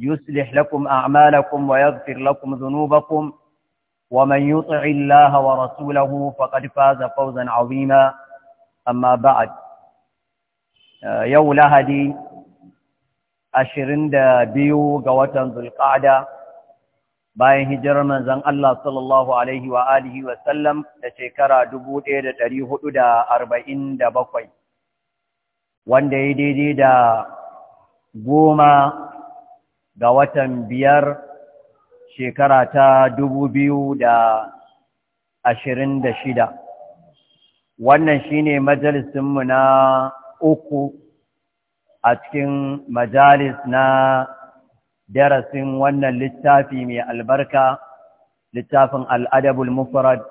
يصلح لكم اعمالكم ويغفر لكم ذنوبكم wa يطع الله ورسوله فقد فاز فوزا عظيما اما بعد يوم لهدي 22 ga watan zulqa'da bayan hijirar manzon Allah sallallahu alaihi wa alihi wa sallam da arba'in da bakwai, wanda ya daidai da goma. ga watan biyar shekara ta dubu biyu da ashirin da shida wannan shine majalisinmu na uku a cikin majalis na darasin wannan littafi mai albarka littafin al'adabul mufrad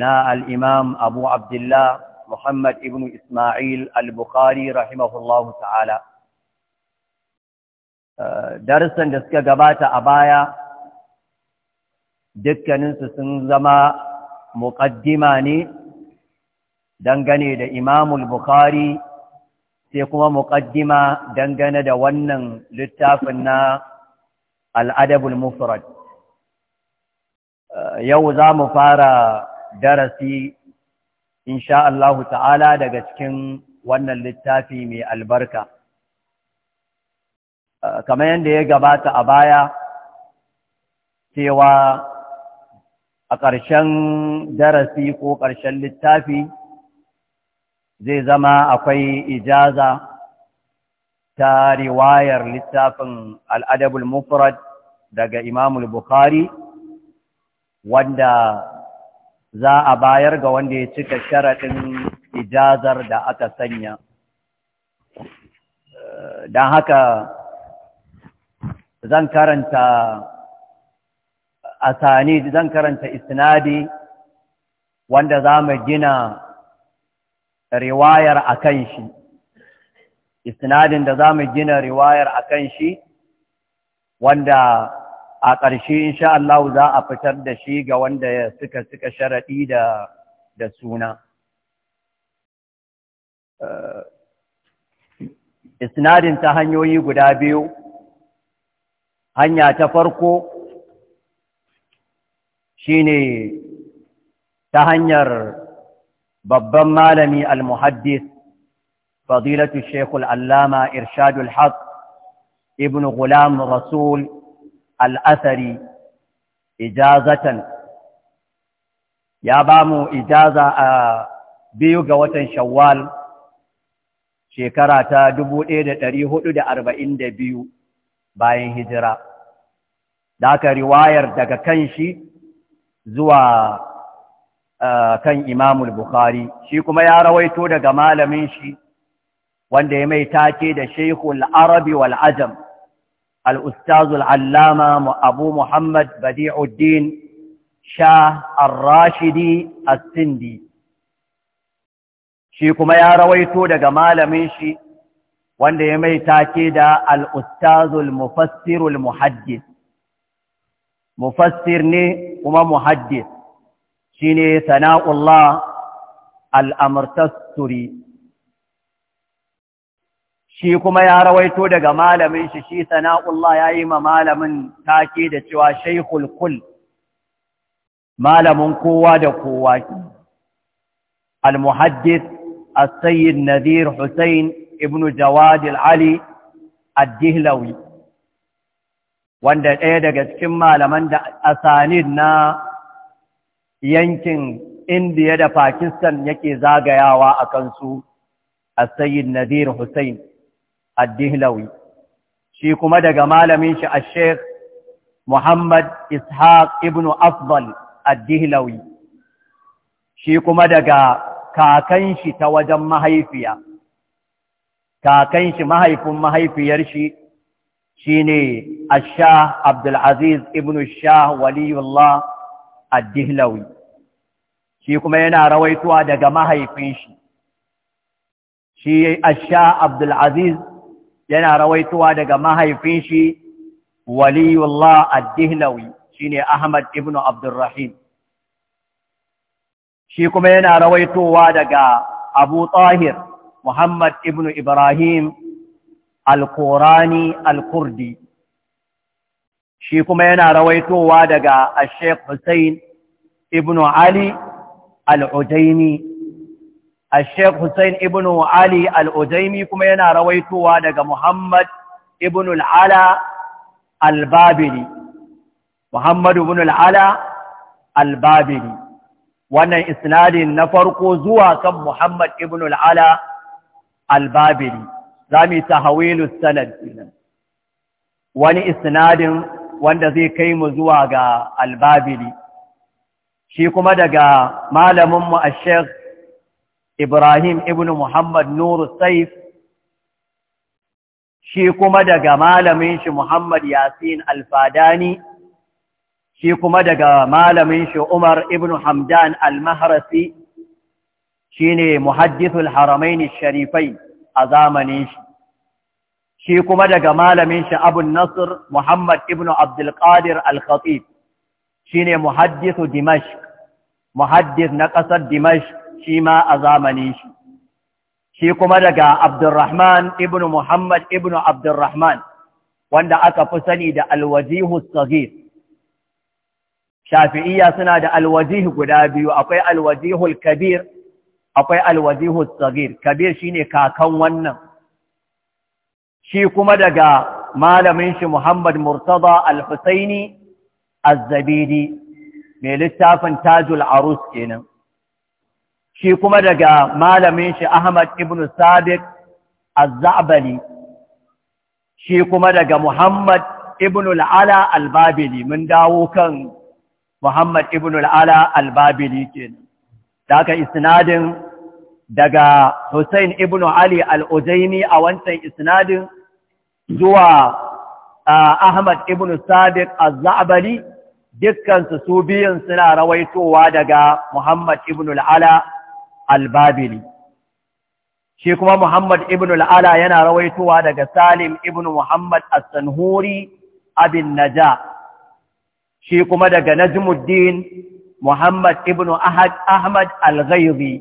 na al'imam abu abdullah muhammad ibn ismail al-bukhari rahimahullahu ta'ala darussan da suka gabata a baya dukkaninsu sun zama muƙaddima ne dangane da imamul bukhari sai kuma muƙaddima dangane da wannan littafin na al'adabul mufrad yau za mu fara darasi insha Allahu ta'ala daga cikin wannan littafi mai albarka kamar yadda ya gabata a baya cewa a ƙarshen darasi ko ƙarshen littafi zai zama akwai ijaza ta riwayar littafin al'adabul mufrad daga imamul bukhari wanda za a bayar ga wanda ya cika sharaɗin ijazar da aka sanya don haka zan karanta asani zan karanta isnadi wanda za mu gina riwayar a shi isnadin da za mu gina riwayar a kan shi wanda a ƙarshe insha Allah za a fitar da shi ga wanda suka suka sharaɗi da da suna eh, isnadin ta hanyoyi guda biyu hanya ta farko shine ta hanyar babban malami al-muhaddis fadilatu shekul allama irshadul haq ibn gulam rasul al-asari ijazatan ya ba mu ijaza a biyu ga watan shawwal shekara ta biyu bayan hijira da aka riwayar daga kan shi zuwa eh, kan imamul bukhari shi kuma ya rawaito daga malamin shi wanda ya mai take da shekul arabi wal ajam al'ustazul allama abu muhammad badi'uddin shah al-rashidi al-sindi shi kuma ya rawaito daga malamin shi wanda ya mai take da al'ustazul mufassirul muhaddis mufassir ne kuma muhaddis shine sana'ullah al-amartasturi shi kuma ya rawaito daga malamin shi shi sana'ullah yayi ma malamin take da cewa shaykhul kul malamin kowa da kowa al-muhaddis as-sayyid nadhir husayn ibn jawad al-ali ad-dihlawi wanda ɗaya daga cikin malaman da asanid na yankin indiya da pakistan yake zagayawa a kansu a sayyid nadir hussein addihlawi shi kuma daga malamin shi a sheikh muhammad ishaq ibn afdal addihlawi shi kuma daga kakan shi ta wajen mahaifiya kakan shi mahaifin mahaifiyar shi shine ash-shah Abdul Aziz ibn ash-shah waliyullah ad-Dihlawi shi kuma yana rawaituwa daga mahaifin shi shi ash-shah Abdul Aziz yana rawaituwa daga mahaifin shi waliyullah ad-Dihlawi shine Ahmad ibn Abdul rahim shi kuma yana rawaitowa daga Abu Tahir Muhammad ibn Ibrahim al-Qurani al-Kurdi shi kuma yana rawaitowa daga Sheikh Hussein ibn Ali al-Ujaimi Sheikh Hussein ibn Ali al-Ujaimi kuma yana rawaitowa daga Muhammad ibn al-Ala al-Babili Muhammad ibn al-Ala al-Babili wannan isnadin na farko zuwa kan Muhammad ibn al-Ala al-Babili za mu yi tahawilu sanad wani isnadin wanda zai kai mu zuwa ga albabili shi kuma daga malaminmu a sheikh ibrahim ibn muhammad nuru saif shi kuma daga malamin shi muhammad yasin alfadani shi kuma daga malamin shi umar ibn hamdan almaharasi shi ne muhaddithul haramaini sharifai a zamanin shi shi kuma daga malamin shi Abu Nasr Muhammad ibn Abdul Qadir Al-Khatib shine muhaddisu Dimashq muhaddis na ƙasar Dimashq shi ma a zamanin shi shi kuma daga Abdurrahman ibn Muhammad ibn Abdurrahman wanda aka fi sani da alwajihu sagir shafi'iyya suna da alwajihu guda biyu akwai alwajihul kabir akwai alwazihu tsagir kabir shine kakan wannan shi kuma daga malamin shi Muhammad Murtada Al-Husaini Az-Zabidi mai littafin Tajul Arus kenan shi kuma daga malamin shi Ahmad ibn Sadiq Az-Za'bali shi kuma daga Muhammad ibn al-Ala Al-Babili mun dawo kan Muhammad ibn al-Ala Al-Babili kenan da isnadin daga Hussein ibn Ali al-Ujaini a wancan isnadin zuwa Ahmad ibn Sadiq az-Za'bari dukkansu su biyun suna rawaitowa daga Muhammad ibn al-Ala al-Babili shi kuma Muhammad ibn al-Ala yana rawaitowa daga Salim ibn Muhammad as-Sanhuri abin Naja shi kuma daga Najmuddin Muhammad ibn Ahad Ahmad Al-Ghaibi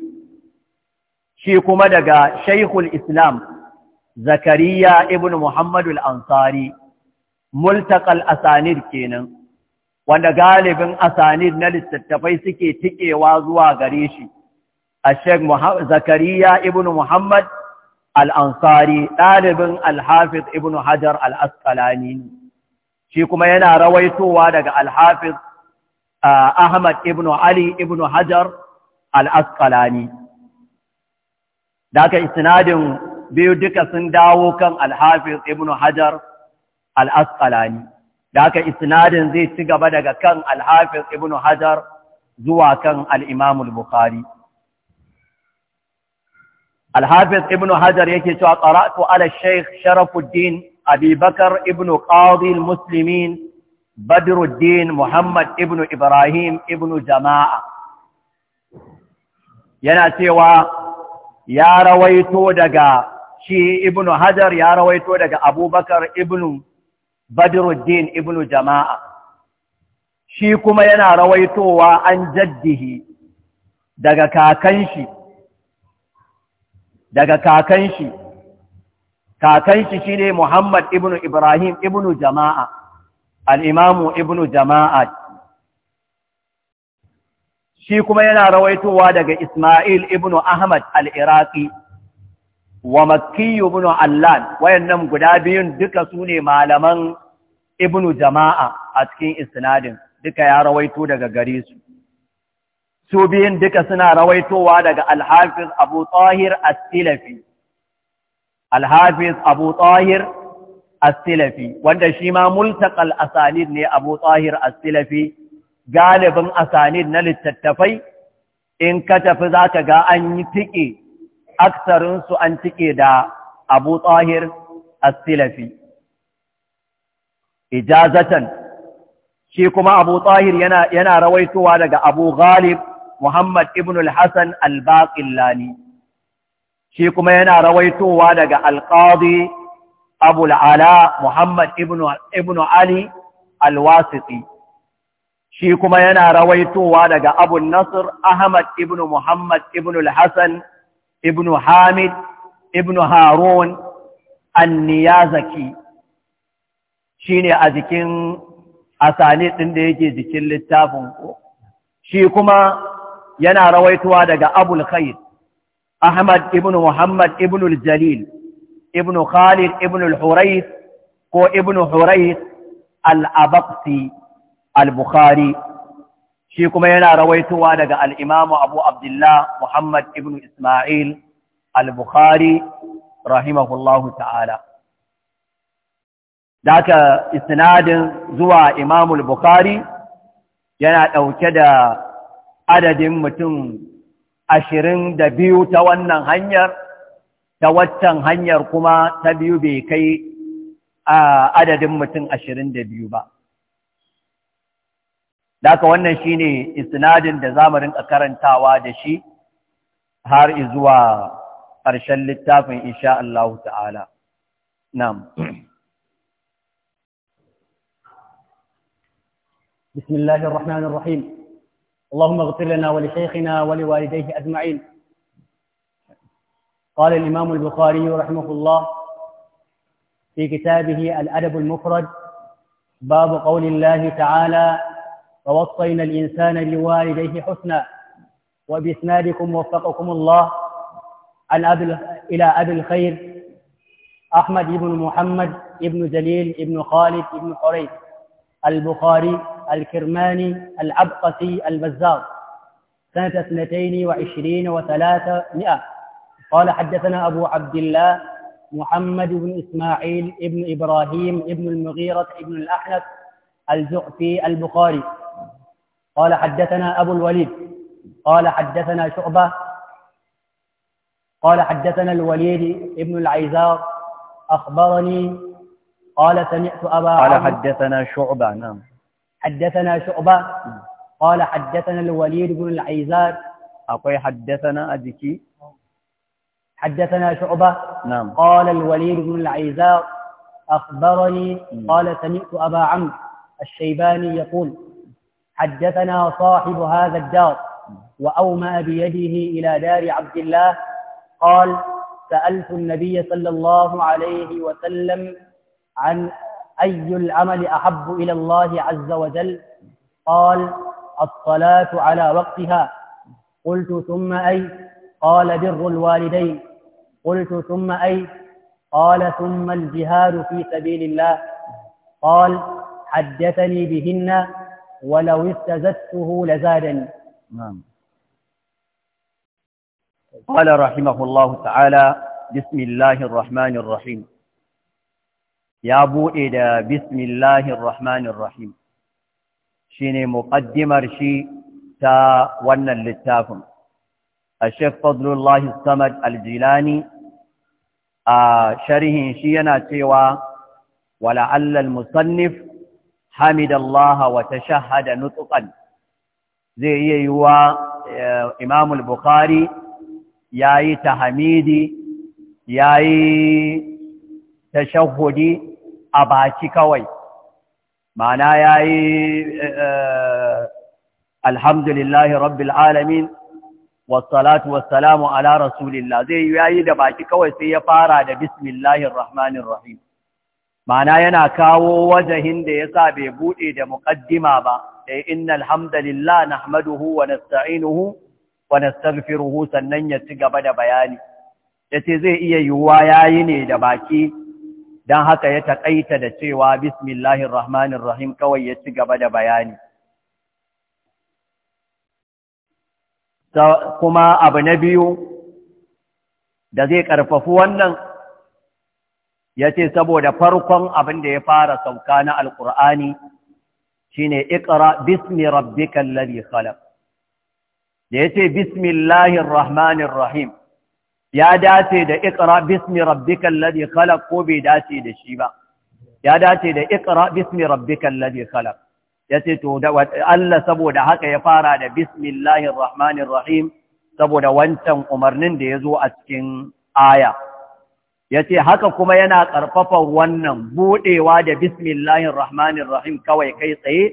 shi kuma daga Shaikhul Islam Zakariya ibn Muhammad Al-Ansari multaqal asanid kenan wanda galibin asanid na littattafai suke tikewa zuwa gare shi Sheikh Zakariya ibn Muhammad Al-Ansari ɗalibin Al-Hafiz ibn Hajar Al-Asqalani shi kuma yana rawaitowa daga Al-Hafiz Ahmad ibn Ali ibn Hajar al-Asqalani da aka isnadin biyu duka sun dawo kan al-Hafiz ibn Hajar al-Asqalani da aka isnadin zai ci gaba daga kan al-Hafiz ibn Hajar zuwa kan al-Imam al-Bukhari الحافظ Hajar, yake يكي قرأت Ala الشيخ شرف الدين Abibakar, Ibnu ابن قاضي badruddin muhammad Ibn ibrahim Ibn jama'a yana cewa ya rawaito daga shi Ibn hajar ya rawaito daga abubakar Ibn badruddin Ibn jama'a shi kuma yana rawaitowa an jaddihi daga kakanshi daga kakanshi kakanshi shine muhammad ibnu ibrahim ibnu jama'a al'imamu ibnu jama'a shi kuma yana rawaitowa daga Ismail ibnu Ahmad al'iraki wa makiyu ibnu Allan wayannan guda biyun duka su ne malaman ibnu jama'a a cikin isnadin duka ya rawaito daga gare su su biyun duka suna rawaitowa daga alhafiz abu tahir as-silafi alhafiz abu tahir as wanda shima ma multaqal asanid ne abu tsahir as-silafi galibin asanid na littattafai in ka tafi zaka ga an yi aksarinsu an cike da abu tsahir as-silafi ijazatan shi kuma abu tsahir yana yana daga abu ghalib muhammad ibn al-hasan al-baqillani shi kuma yana rawaitowa daga al abul muhammad ibn ali alwasiti shi kuma yana rawaitowa daga abul nasir ahmad ibn muhammad ibn al ibn hamid ibn harun anniyazaki shine a jikin asani ɗin da yake jikin littafin ko shi kuma yana rawaitowa daga abul khair ahmad ibn muhammad ibn al-jalil ibnu Khalid ibn al-Hurayth ko ibnu Hurayth al-Abaqsi al-Bukhari shi kuma yana rawaitowa daga al-Imam Abu Muhammad ibn Isma'il al-Bukhari rahimahullahu ta'ala Daka isnadin zuwa Imam al-Bukhari yana ɗauke da adadin mutum ashirin da biyu ta wannan hanyar ta waccan hanyar kuma ta biyu bai kai a adadin mutum ashirin da biyu ba. Daka wannan shi ne isnadin da zamarin a karantawa da shi har zuwa ƙarshen littafin insha Allah ta'ala. Nam. بسم الله الرحمن الرحيم اللهم اغفر لنا ولشيخنا ولوالديه أجمعين قال الإمام البخاري رحمه الله في كتابه الأدب المفرد باب قول الله تعالى ووصينا الإنسان لوالديه حسنا وبإسنادكم وفقكم الله عن أبي إلى أبي الخير أحمد بن محمد بن جليل بن خالد بن حريث البخاري الكرماني العبقسي البزار سنة اثنتين وعشرين وثلاثمائة قال حدثنا أبو عبد الله محمد بن إسماعيل ابن إبراهيم ابن المغيرة ابن الأحنف الجعفي البخاري قال حدثنا أبو الوليد قال حدثنا شعبة قال حدثنا الوليد ابن العيزار أخبرني قال سمعت أبا قال حدثنا شعبة نعم حدثنا شعبة قال حدثنا الوليد بن العيزار أقول حدثنا أذكي حدثنا شعبة نعم قال الوليد بن العيزاء أخبرني قال سمعت أبا عمرو الشيباني يقول حدثنا صاحب هذا الدار وأومأ بيده إلى دار عبد الله قال سألت النبي صلى الله عليه وسلم عن أي العمل أحب إلى الله عز وجل قال الصلاة على وقتها قلت ثم أي قال بر الوالدين قلت ثم أي قال ثم الجهاد في سبيل الله قال حدثني بهن ولو استزدته لزادني نعم قال رحمه الله تعالى بسم الله الرحمن الرحيم يا أبو إدا بسم الله الرحمن الرحيم شيني مقدم شي تا ونن للتافن الشيخ فضل الله الصمد الجيلاني شره شينا سوى ولعل المصنف حمد الله وتشهد نطقا زي يوا إمام البخاري ياي تحميدي yayi tashahudi a baki kawai ma'ana yayi alhamdulillahi rabbil alamin Wasalatu wasalamu ala rasulillah zai yayi da baki kawai sai ya fara da bismillahir rahmanir rahim ma'ana yana kawo wajahin da yasa bai bude da muqaddima ba eh innal hamdalillah nahmaduhu wa nasta'inuhu wa nastaghfiruhu sannan ya ci gaba da bayani yace zai iya yuwa yayi ne da baki dan haka ya takaita da cewa bismillahir rahmanir rahim kawai ya ci gaba da bayani kuma abu na biyu da zai ƙarfafi wannan ya ce saboda farkon abin da ya fara sauka na alƙur'ani shi ne ikira bismi rabbikan lalli khalaq da ya ce bismillahir rahmanir rahim ya dace da ikira bismi rabbikan lalli khalaq ko bai dace da shi ba ya dace da ikira bismi rabbikan lalli khalaq ya ce to Allah saboda haka ya fara da bismillahir rahmanir rahim saboda wancan umarnin da ya zo a cikin aya Yace haka kuma yana ƙarfafa wannan buɗewa da bismillahir rahmanir rahim kawai kai tsaye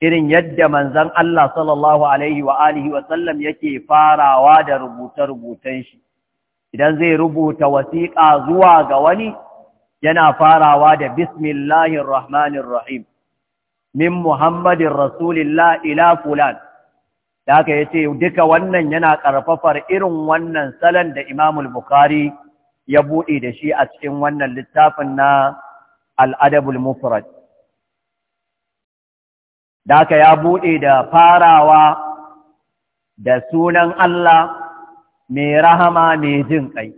irin yadda manzon Allah sallallahu alaihi wa alihi wa sallam yake farawa da rubuta rubutan shi idan zai rubuta wasiƙa zuwa ga wani yana farawa da bismillahir rahmanir rahim min Muhammadin Rasulillah ila fulan da aka yace duka wannan yana ƙarfafar irin wannan salon da Imamul Bukhari ya buɗe da shi a cikin wannan littafin na al'adabul Mufrad da aka ya buɗe da farawa da sunan Allah mai rahama mai jin ƙai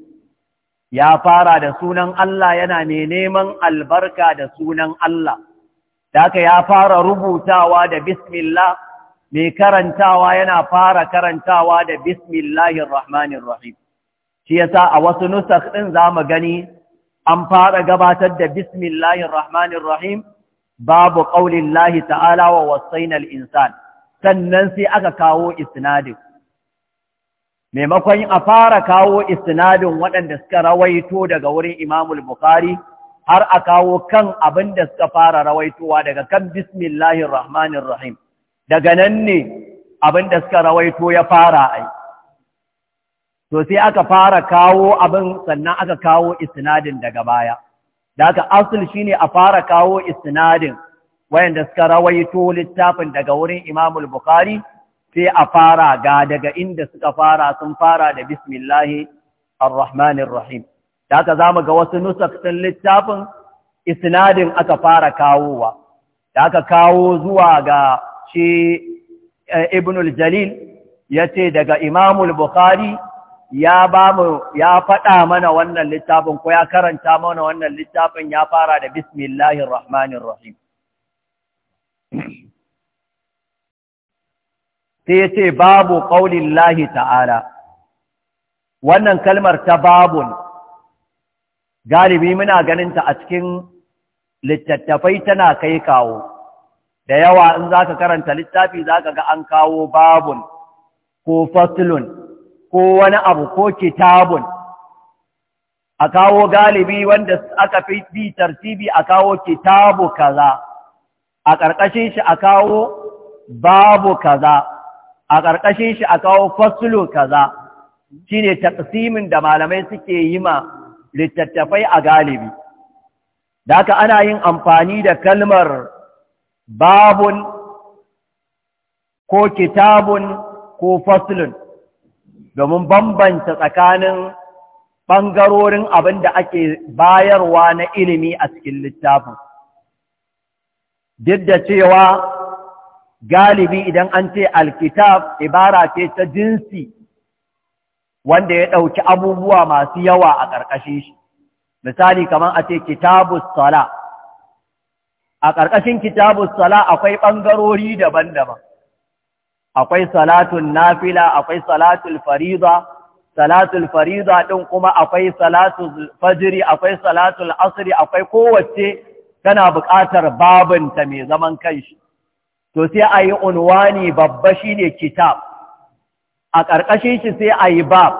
ya fara da sunan Allah yana mai neman albarka da sunan Allah Daka ya fara rubutawa da bismillah mai karantawa yana fara karantawa da bismillahir rahmanir rahim shi yasa a wasu nusakh din zamu gani an fara gabatar da bismillahir rahmanir rahim babu qaulillahi ta'ala wa wasainal insan sannan sai aka kawo isnadin maimakon a fara kawo isnadin waɗanda suka rawaito daga wurin Imamul Bukhari har a kawo kan abin da suka fara rawaitowa daga kan bismillahir rahmanir rahim daga nan ne abin da suka rawaito ya fara ai to sai aka fara kawo abin sannan aka kawo isnadin daga baya da aka asul shine a fara kawo isnadin wayanda suka rawaito littafin daga wurin Imam bukhari sai a fara ga daga inda suka fara sun fara da bismillahir rahmanir rahim da aka za mu ga wasu nusaktin littafin isnadin aka fara kawowa da aka kawo zuwa ga shi eh, ibnul jalil ya ce daga imamul bukhari ya ba mu ya faɗa mana wannan littafin ko ya karanta mana wannan littafin ya fara da bismillahir rahmanir rahim sai ya ce babu ƙaunin ta'ala wannan kalmar ta babun galibi muna ganin ta a cikin littattafai tana kai kawo da yawa in za ka karanta littafi za ka ga an kawo babun ko fasilun ko wani abu ko kitabun a kawo galibi wanda aka fi bi tartibi a kawo kitabu kaza a ƙarƙashin shi a kawo babu kaza a ƙarƙashin shi a kawo fasulu kaza shine taqsimin da malamai suke yi ma littattafai a galibi da haka ana yin amfani da kalmar babun ko kitabun ko faslun domin bambanta tsakanin ɓangarorin abin da ake bayarwa na ilimi a cikin littafin duk da cewa galibi idan an ce alkitab ibara ce ta jinsi wanda ya ɗauki abubuwa masu yawa a ƙarƙashin shi misali kamar a ce kitabus sala a ƙarƙashin kitabus sala akwai ɓangarori daban-daban akwai salatun nafila akwai salatul fariza salatul fariza ɗin kuma akwai salatul fajiri akwai salatul asiri akwai kowace tana buƙatar babinta mai zaman kanshi to sai a yi unwani babba shi ne kitab a ƙarƙashin shi sai a yi bab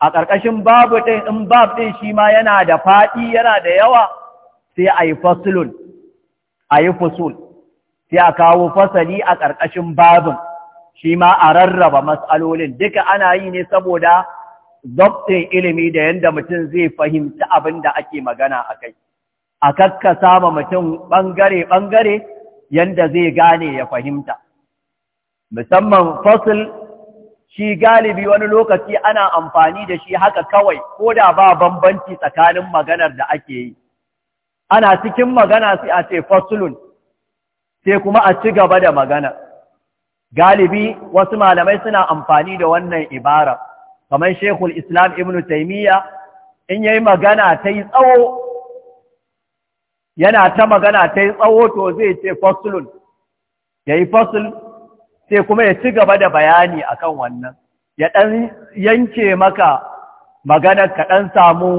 a ƙarƙashin babu ɗin in bab ɗin shi ma yana da faɗi yana da yawa sai a yi fasulun a yi fusul sai a kawo fasali a ƙarƙashin babin shi ma a rarraba matsalolin duka ana yi ne saboda zabtin ilimi da yadda mutum zai fahimci abin da ake magana a kai a kakkasa sama mutum ɓangare-ɓangare yadda zai gane ya fahimta musamman fasul... shi galibi wani lokaci ana amfani da shi haka kawai ko da ba bambanci tsakanin maganar da ake yi ana cikin magana sai a ce fasulun sai kuma a ci gaba da magana galibi wasu malamai suna amfani da wannan ibara kamar shekul islam ibn taimiyya in yayi magana ta yi tsawo yana ta magana ta yi tsawo to zai ce fasulun ya yi fasul sai kuma ya ci gaba da bayani akan wannan ya ɗan yanke maka magana ka ɗan samu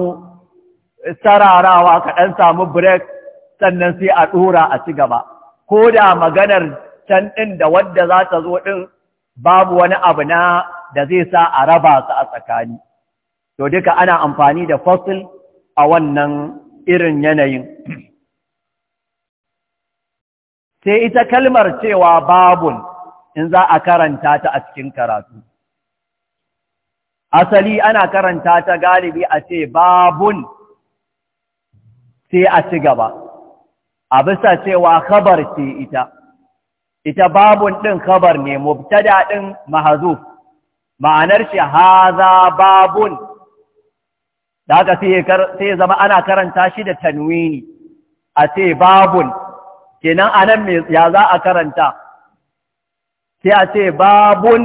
sararawa ka ɗan samu break sannan sai a ɗora a ci gaba ko da maganar can ɗin da wadda za ta zo ɗin babu wani abu na da zai sa a raba su a tsakani to duka ana amfani da fasil a wannan irin yanayin sai ita kalmar cewa babun in za a karanta ta a cikin karatu. Asali ana karanta ta galibi a ce babun sai a ci gaba, a bisa cewa khabar ce ita, ita babun ɗin khabar ne, mubta ɗin mahazuf, ma'anar shi haza babun, da haka sai zama ana karanta shi da tanwini, a ce babun, kenan anan ya za a karanta. sai a ce babun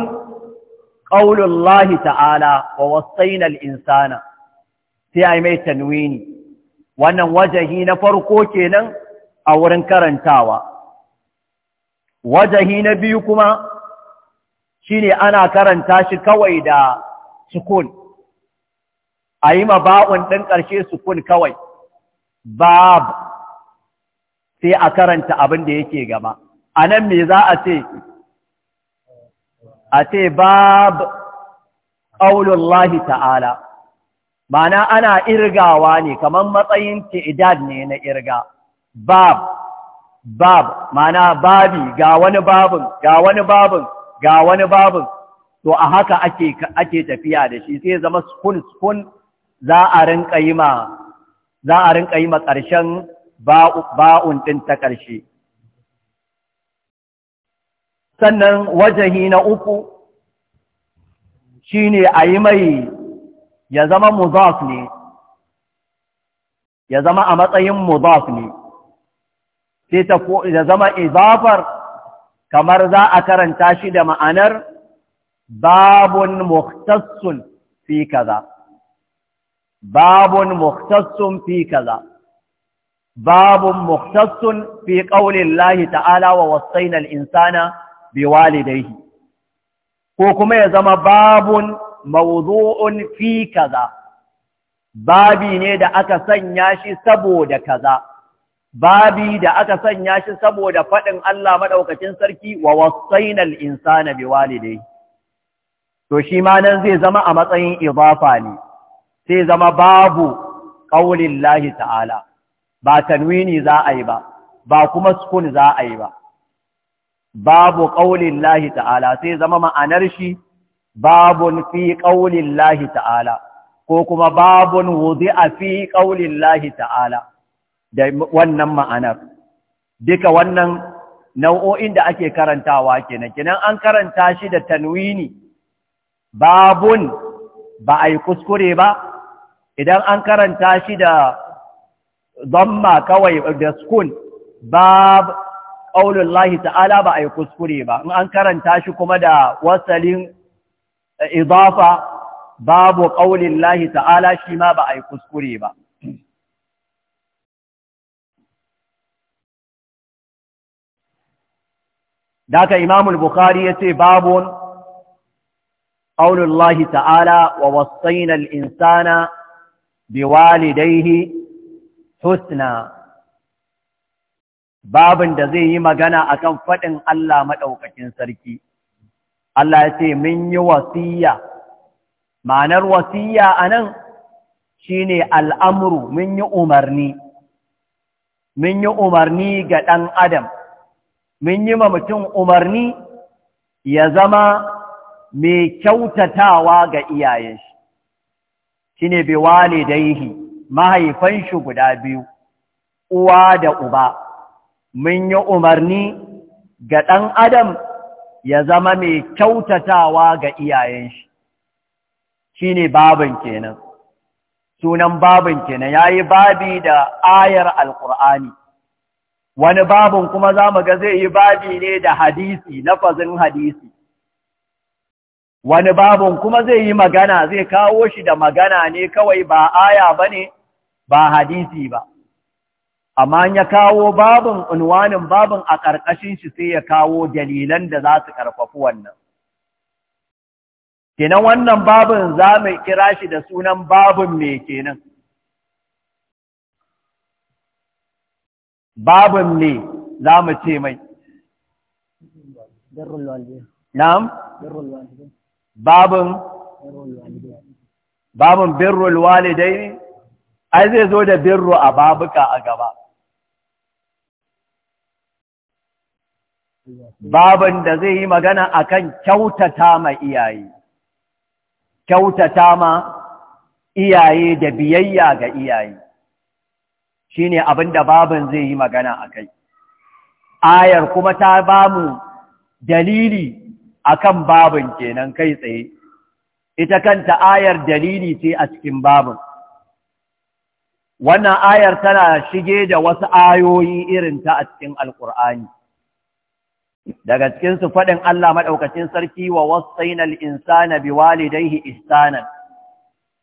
Lahi ta'ala wa wasainal insana sai a yi mai tanwini wannan wajahi na farko kenan a wurin karantawa wajahi na biyu kuma shine ana karanta shi kawai da sukun a yi ma ɗin ƙarshe sukun kawai bab sai a karanta abin da yake gaba a nan me za a ce a ce bab ƙaunullahi ta'ala, mana ana irgawa ne kamar matsayin idad ne na irga, bab, bab, mana babi ga wani babin, ga wani babin, ga wani babin, to a haka ake tafiya da shi sai zama sukun-sukun za a rinka yi ma ƙarshen ba'un ɗin ta ƙarshe. sannan wajahi na uku shine a yi mai ya zama mudaf ne ya zama a matsayin mudaf ne sai ta ya zama izafar kamar za a karanta shi da ma'anar babun muhtassun fi kaza babun muhtassun fi kaza babun muhtassun fi ta'ala wa wasaina insana biwalidaihi ko kuma ya zama babun mawdu'un fi kaza babi ne da aka sanya shi saboda kaza babi da aka sanya shi saboda faɗin Allah madaukakin sarki wa wasainal insana biwalidaihi to shi ma nan zai zama a matsayin idafa ne sai zama babu qaulillahi ta'ala ba tanwini za a yi ba ba kuma sukun za a yi ba babu ƙaunin lahi ta'ala sai zama ma'anar shi babun fi ƙaunin lahi ta'ala ko kuma babu wuzi a fi ƙaunin lahi ta'ala da wannan ma'anar duka wannan nau'o'in da ake karantawa kenan kenan an karanta shi da tanwini babun ba a yi kuskure ba idan an karanta shi da zamma kawai da skun ƙaunin lahi ta'ala ba a yi kuskure ba, in an karanta shi kuma da wasalin eh, izafa babu ƙaunin lahi ta'ala shi ma ba a yi kuskure ba. Daka Imamul Bukhari ya ce babu ƙaunin lahi ta'ala wa wasainal insana bi walidaihi husna. babin da zai yi magana a kan faɗin Allah maɗaukakin sarki. Allah ya ce, Mun yi wasiya, ma'anar wasiya a nan shi ne al'amuru, mun yi umarni, mun yi umarni ga ɗan Adam, mun yi ma mutum umarni ya zama mai kyautatawa ga iyayen shi, shi ne da daihi, mahaifan shi guda biyu, uwa da uba. mun yi umarni ga ɗan adam ya zama mai kyautatawa ga iyayen shi shine babin kenan sunan babin kenan yayi babi da ayar alqur'ani wani babin kuma zamu ga zai yi babi ne da hadisi lafazin hadisi wani babin kuma zai yi magana zai kawo shi da magana ne kawai ba aya bane ba hadisi ba amma ya kawo babin unwanin babin a ƙarƙashin shi sai ya kawo dalilan da za su ƙarfafi wannan kenan wannan babin za mu kira shi da sunan babin me kenan babin ne za mu ce mai na'am babin babin birrul walidai ai zai zo da birru a babuka a gaba babin da zai yi magana akan kyautata ma iyaye kyautata ma iyaye da biyayya ga iyaye shine abin da babin zai yi magana a kai. ayar kuma ta bamu dalili akan babin kenan kai tsaye ita kanta ayar dalili ce a cikin babin wannan ayar tana shige da wasu ayoyi irinta a cikin alkur'ani daga cikin su Allah Maɗaukacin sarki wa wasainal insana biwalidayhi ihsanan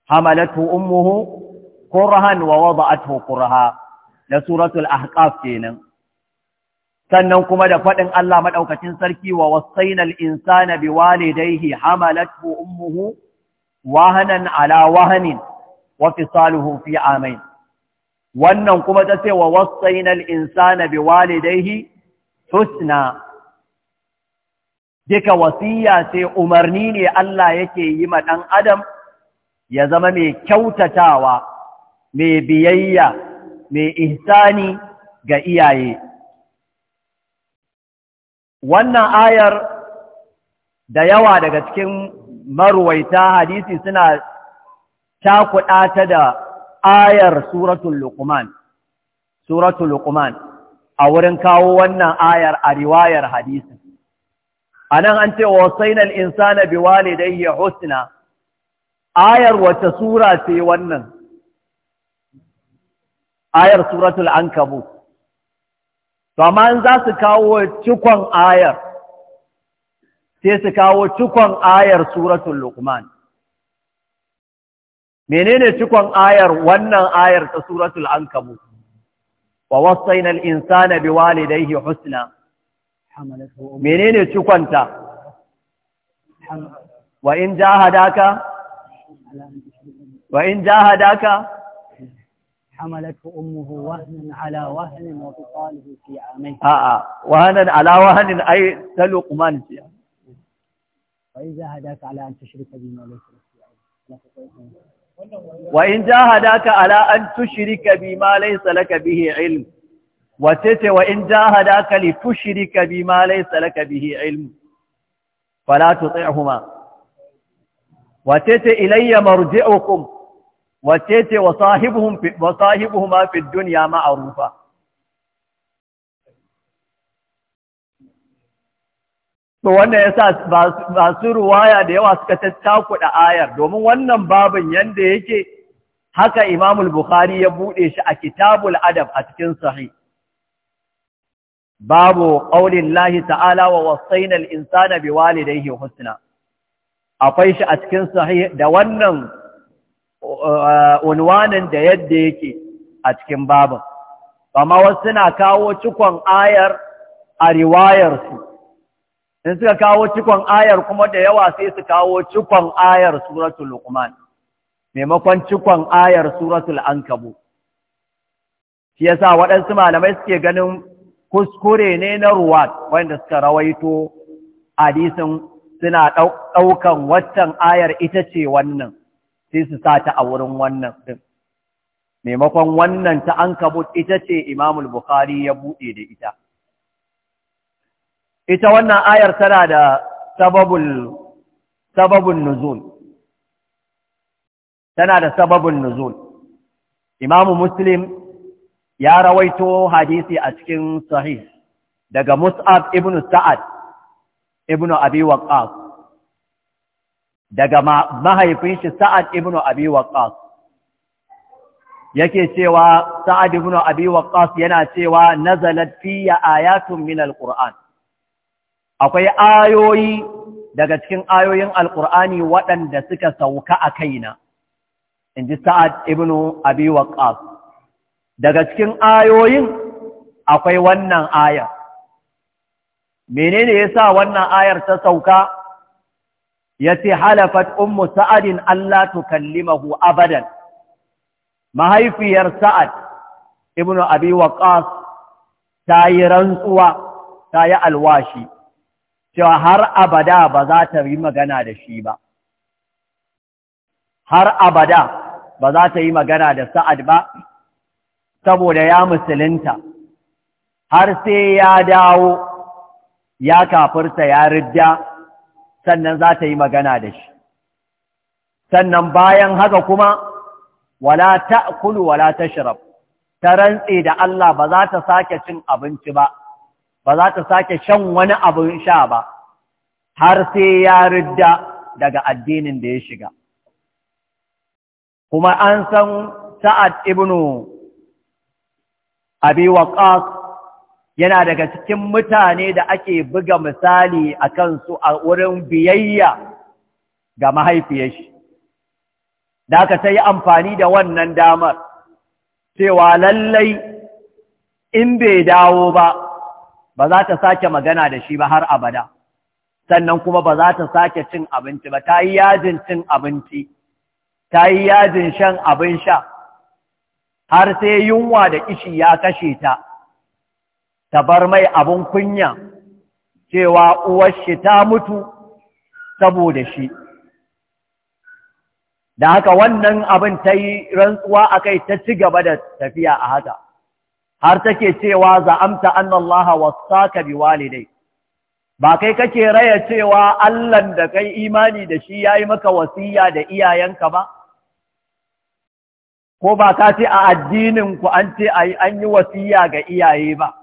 hamalathu ummuhu kurhan wa wada'athu kurha na suratul ahqaf kenan sannan kuma da faɗin Allah Maɗaukacin sarki wa wasainal insana biwalidayhi hamalathu ummuhu wahanan ala wahanin wa fisaluhu fi amain wannan kuma ta ce wa wasainal insana biwalidayhi husna duka wasiya sai umarni ne Allah yake yi ma ɗan adam ya zama mai kyautatawa mai biyayya mai ihsani ga iyaye wannan ayar da yawa daga cikin marwaita hadisi suna takuɗa ta da ayar suratul luqman suratul luqman a wurin kawo wannan ayar a riwayar hadisin anan an ce wasainal insana biwalidayhi husna ayar wata sura ce wannan ayar suratul ankabut to amma in za su kawo cikon ayar sai su kawo cikon ayar suratul luqman menene cikon ayar wannan ayar ta suratul ankabut wa wasainal insana biwalidayhi husna menene cikonta wa in jahadaka wa in jahadaka hamalat ummuhu wa fi qalbihi fi 'amin a'a wahnan ala wahnin wa in jahadaka ala an tushrika bima laysa وتتي ce wa in بما ليس لك به علم فلا تطعهما وتتي fala مرجعكم وتتي وصاحبهم في وصاحبهما في الدنيا معروفا to wanda yasa ba su ruwaya da yawa suka tattaku da ayar domin wannan babin yanda yake haka Imamul Bukhari ya bude shi a Kitabul Adab a cikin Sahih babu قول lahi ta'ala wa wasainal insana bi walidaihi husna akwai shi a cikin sahih da wannan unwanin da yadda yake a cikin babin amma wasu suna kawo cikon ayar a riwayarsu in suka kawo cikon ayar kuma da yawa sai su kawo cikon ayar suratul luqman maimakon cikon ayar suratul ankabu shi yasa waɗansu malamai suke ganin kuskure ne na ruwat wanda suka rawaito hadisin suna ɗaukan watan ayar ita ce wannan sai su sa ta a wurin wannan ɗin maimakon wannan ta an kabut ita ce imamul bukhari ya buɗe da ita ita wannan ayar tana da sababin sababun nuzul tana da sababin nuzul imamu muslim ya rawaito hadisi a cikin sahih daga Mus'ab ibn Sa'ad ibn Abi Waqqas daga mahaifin shi Sa'ad ibn Abi Waqqas yake cewa Sa'ad ibn Abi Waqqas yana cewa nazalat fi ayatun min al-Qur'an akwai ayoyi daga cikin ayoyin al-Qur'ani waɗanda suka sauka a kaina inji Sa'ad ibn Abi Waqqas daga cikin ayoyin akwai wannan ayar menene yasa wannan ayar ta sauka Ya yace halafat ummu sa'adin Allah kalli tukallimahu abadan mahaifiyar sa'ad ibnu abi waqas ta yi rantsuwa ta yi alwashi cewa har abada ba za ta yi magana da shi ba har abada ba za ta yi magana da sa'ad ba saboda ya musulunta har sai ya dawo ya kafirta ya ridda sannan za ta yi magana da shi sannan bayan haka kuma wala ta'kulu wala tashrab ta rantse da Allah ba za ta sake cin abinci ba ba za ta sake shan wani abin sha ba har sai ya ridda daga addinin da ya shiga kuma an san sa'ad ibnu abi waqas yana daga cikin mutane da ake buga misali a kansu a wurin biyayya ga mahaifiyarsa. da aka sai amfani da wannan damar cewa lallai in bai dawo ba ba za ta sake magana da shi ba har abada sannan kuma ba za ta sake cin abinci ba ta yi yajin cin abinci ta yi yajin shan abin sha har sai yunwa da kishi ya kashe ta ta bar mai abin kunya cewa uwar shi ta mutu saboda shi da haka wannan abin ta yi rantsuwa a kai ta ci gaba da tafiya a haka har take cewa za'amta ka bi walidai. ba kai kake raya cewa Allahn da kai imani da shi ya yi maka wasiya da iyayenka ba ko ba ka ce a addinin ku an ce an yi wasiya ga iyaye ba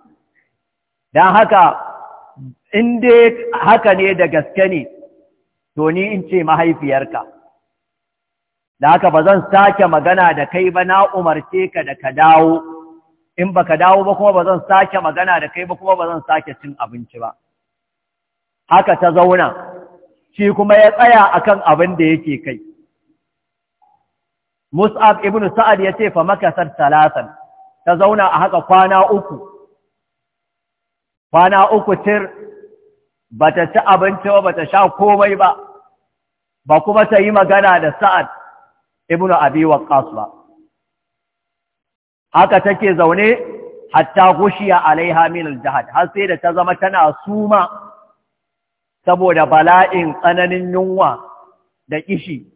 don haka in dai haka ne da gaske ne to ni in ce mahaifiyarka da haka ba zan sake magana da kai ba na umarce ka da ka dawo in ba ka dawo ba kuma ba zan sake magana da kai ba kuma ba zan sake cin abinci ba haka ta zauna shi kuma ya tsaya akan abin da yake kai Mus'ab ibn Sa'ad ya ce fa makasar talasan ta zauna a haka kwana uku kwana uku tir bata ci abinci ba bata sha komai ba ba kuma ta yi magana da Sa'ad ibn Abi Waqqas ba haka take zaune hatta gushiya alaiha min aljahad har sai da ta zama tana suma saboda bala'in tsananin yunwa da kishi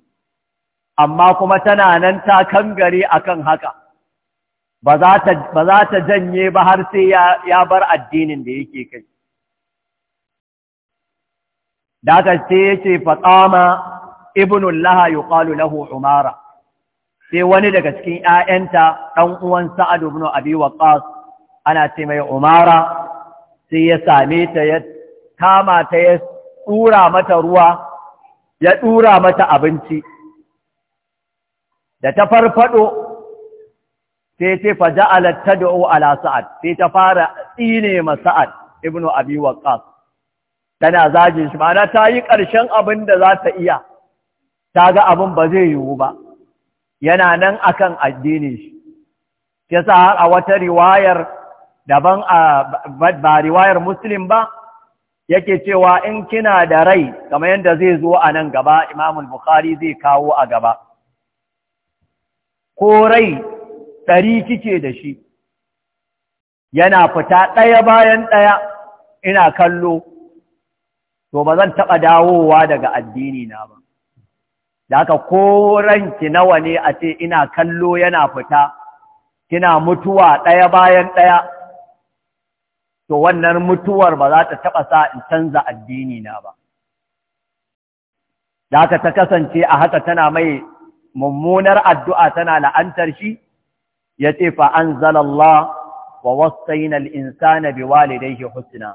amma kuma tana nan ta kangare akan haka ba za ta janye ba har sai ya bar addinin da yake kai da aka sai yake fatsama ibnul laha yuqalu lahu umara sai wani daga cikin 'ya'yanta ɗan uwan sa'ad ibn abi ana ce mai umara sai ya same ta ya kama ta ya mata ruwa ya ɗura mata abinci da ta farfado sai ce fa ja'alat tad'u ala sa'ad sai ta fara tsine ma sa'ad ibnu abi waqqas tana zage shi ma'ana ta yi karshen abin da za ta iya ta ga abin ba zai yiwu ba yana nan akan addini shi yasa har a wata riwayar daban ba riwayar muslim ba yake cewa in kina da rai kamar yadda zai zo a nan gaba imamul bukhari zai kawo a gaba ko rai ɗari kike da shi yana fita ɗaya bayan ɗaya ina kallo to ba zan taɓa dawowa daga addini na ba da haka ko ranki nawa ne a ce ina kallo yana fita kina mutuwa ɗaya bayan ɗaya to wannan mutuwar ba za ta taɓa sa in canza addini na ba da haka ta kasance a haka tana mai mummunar addu'a tana la'antar shi ya ce fa anzalallah wa wasaina al-insana shi husna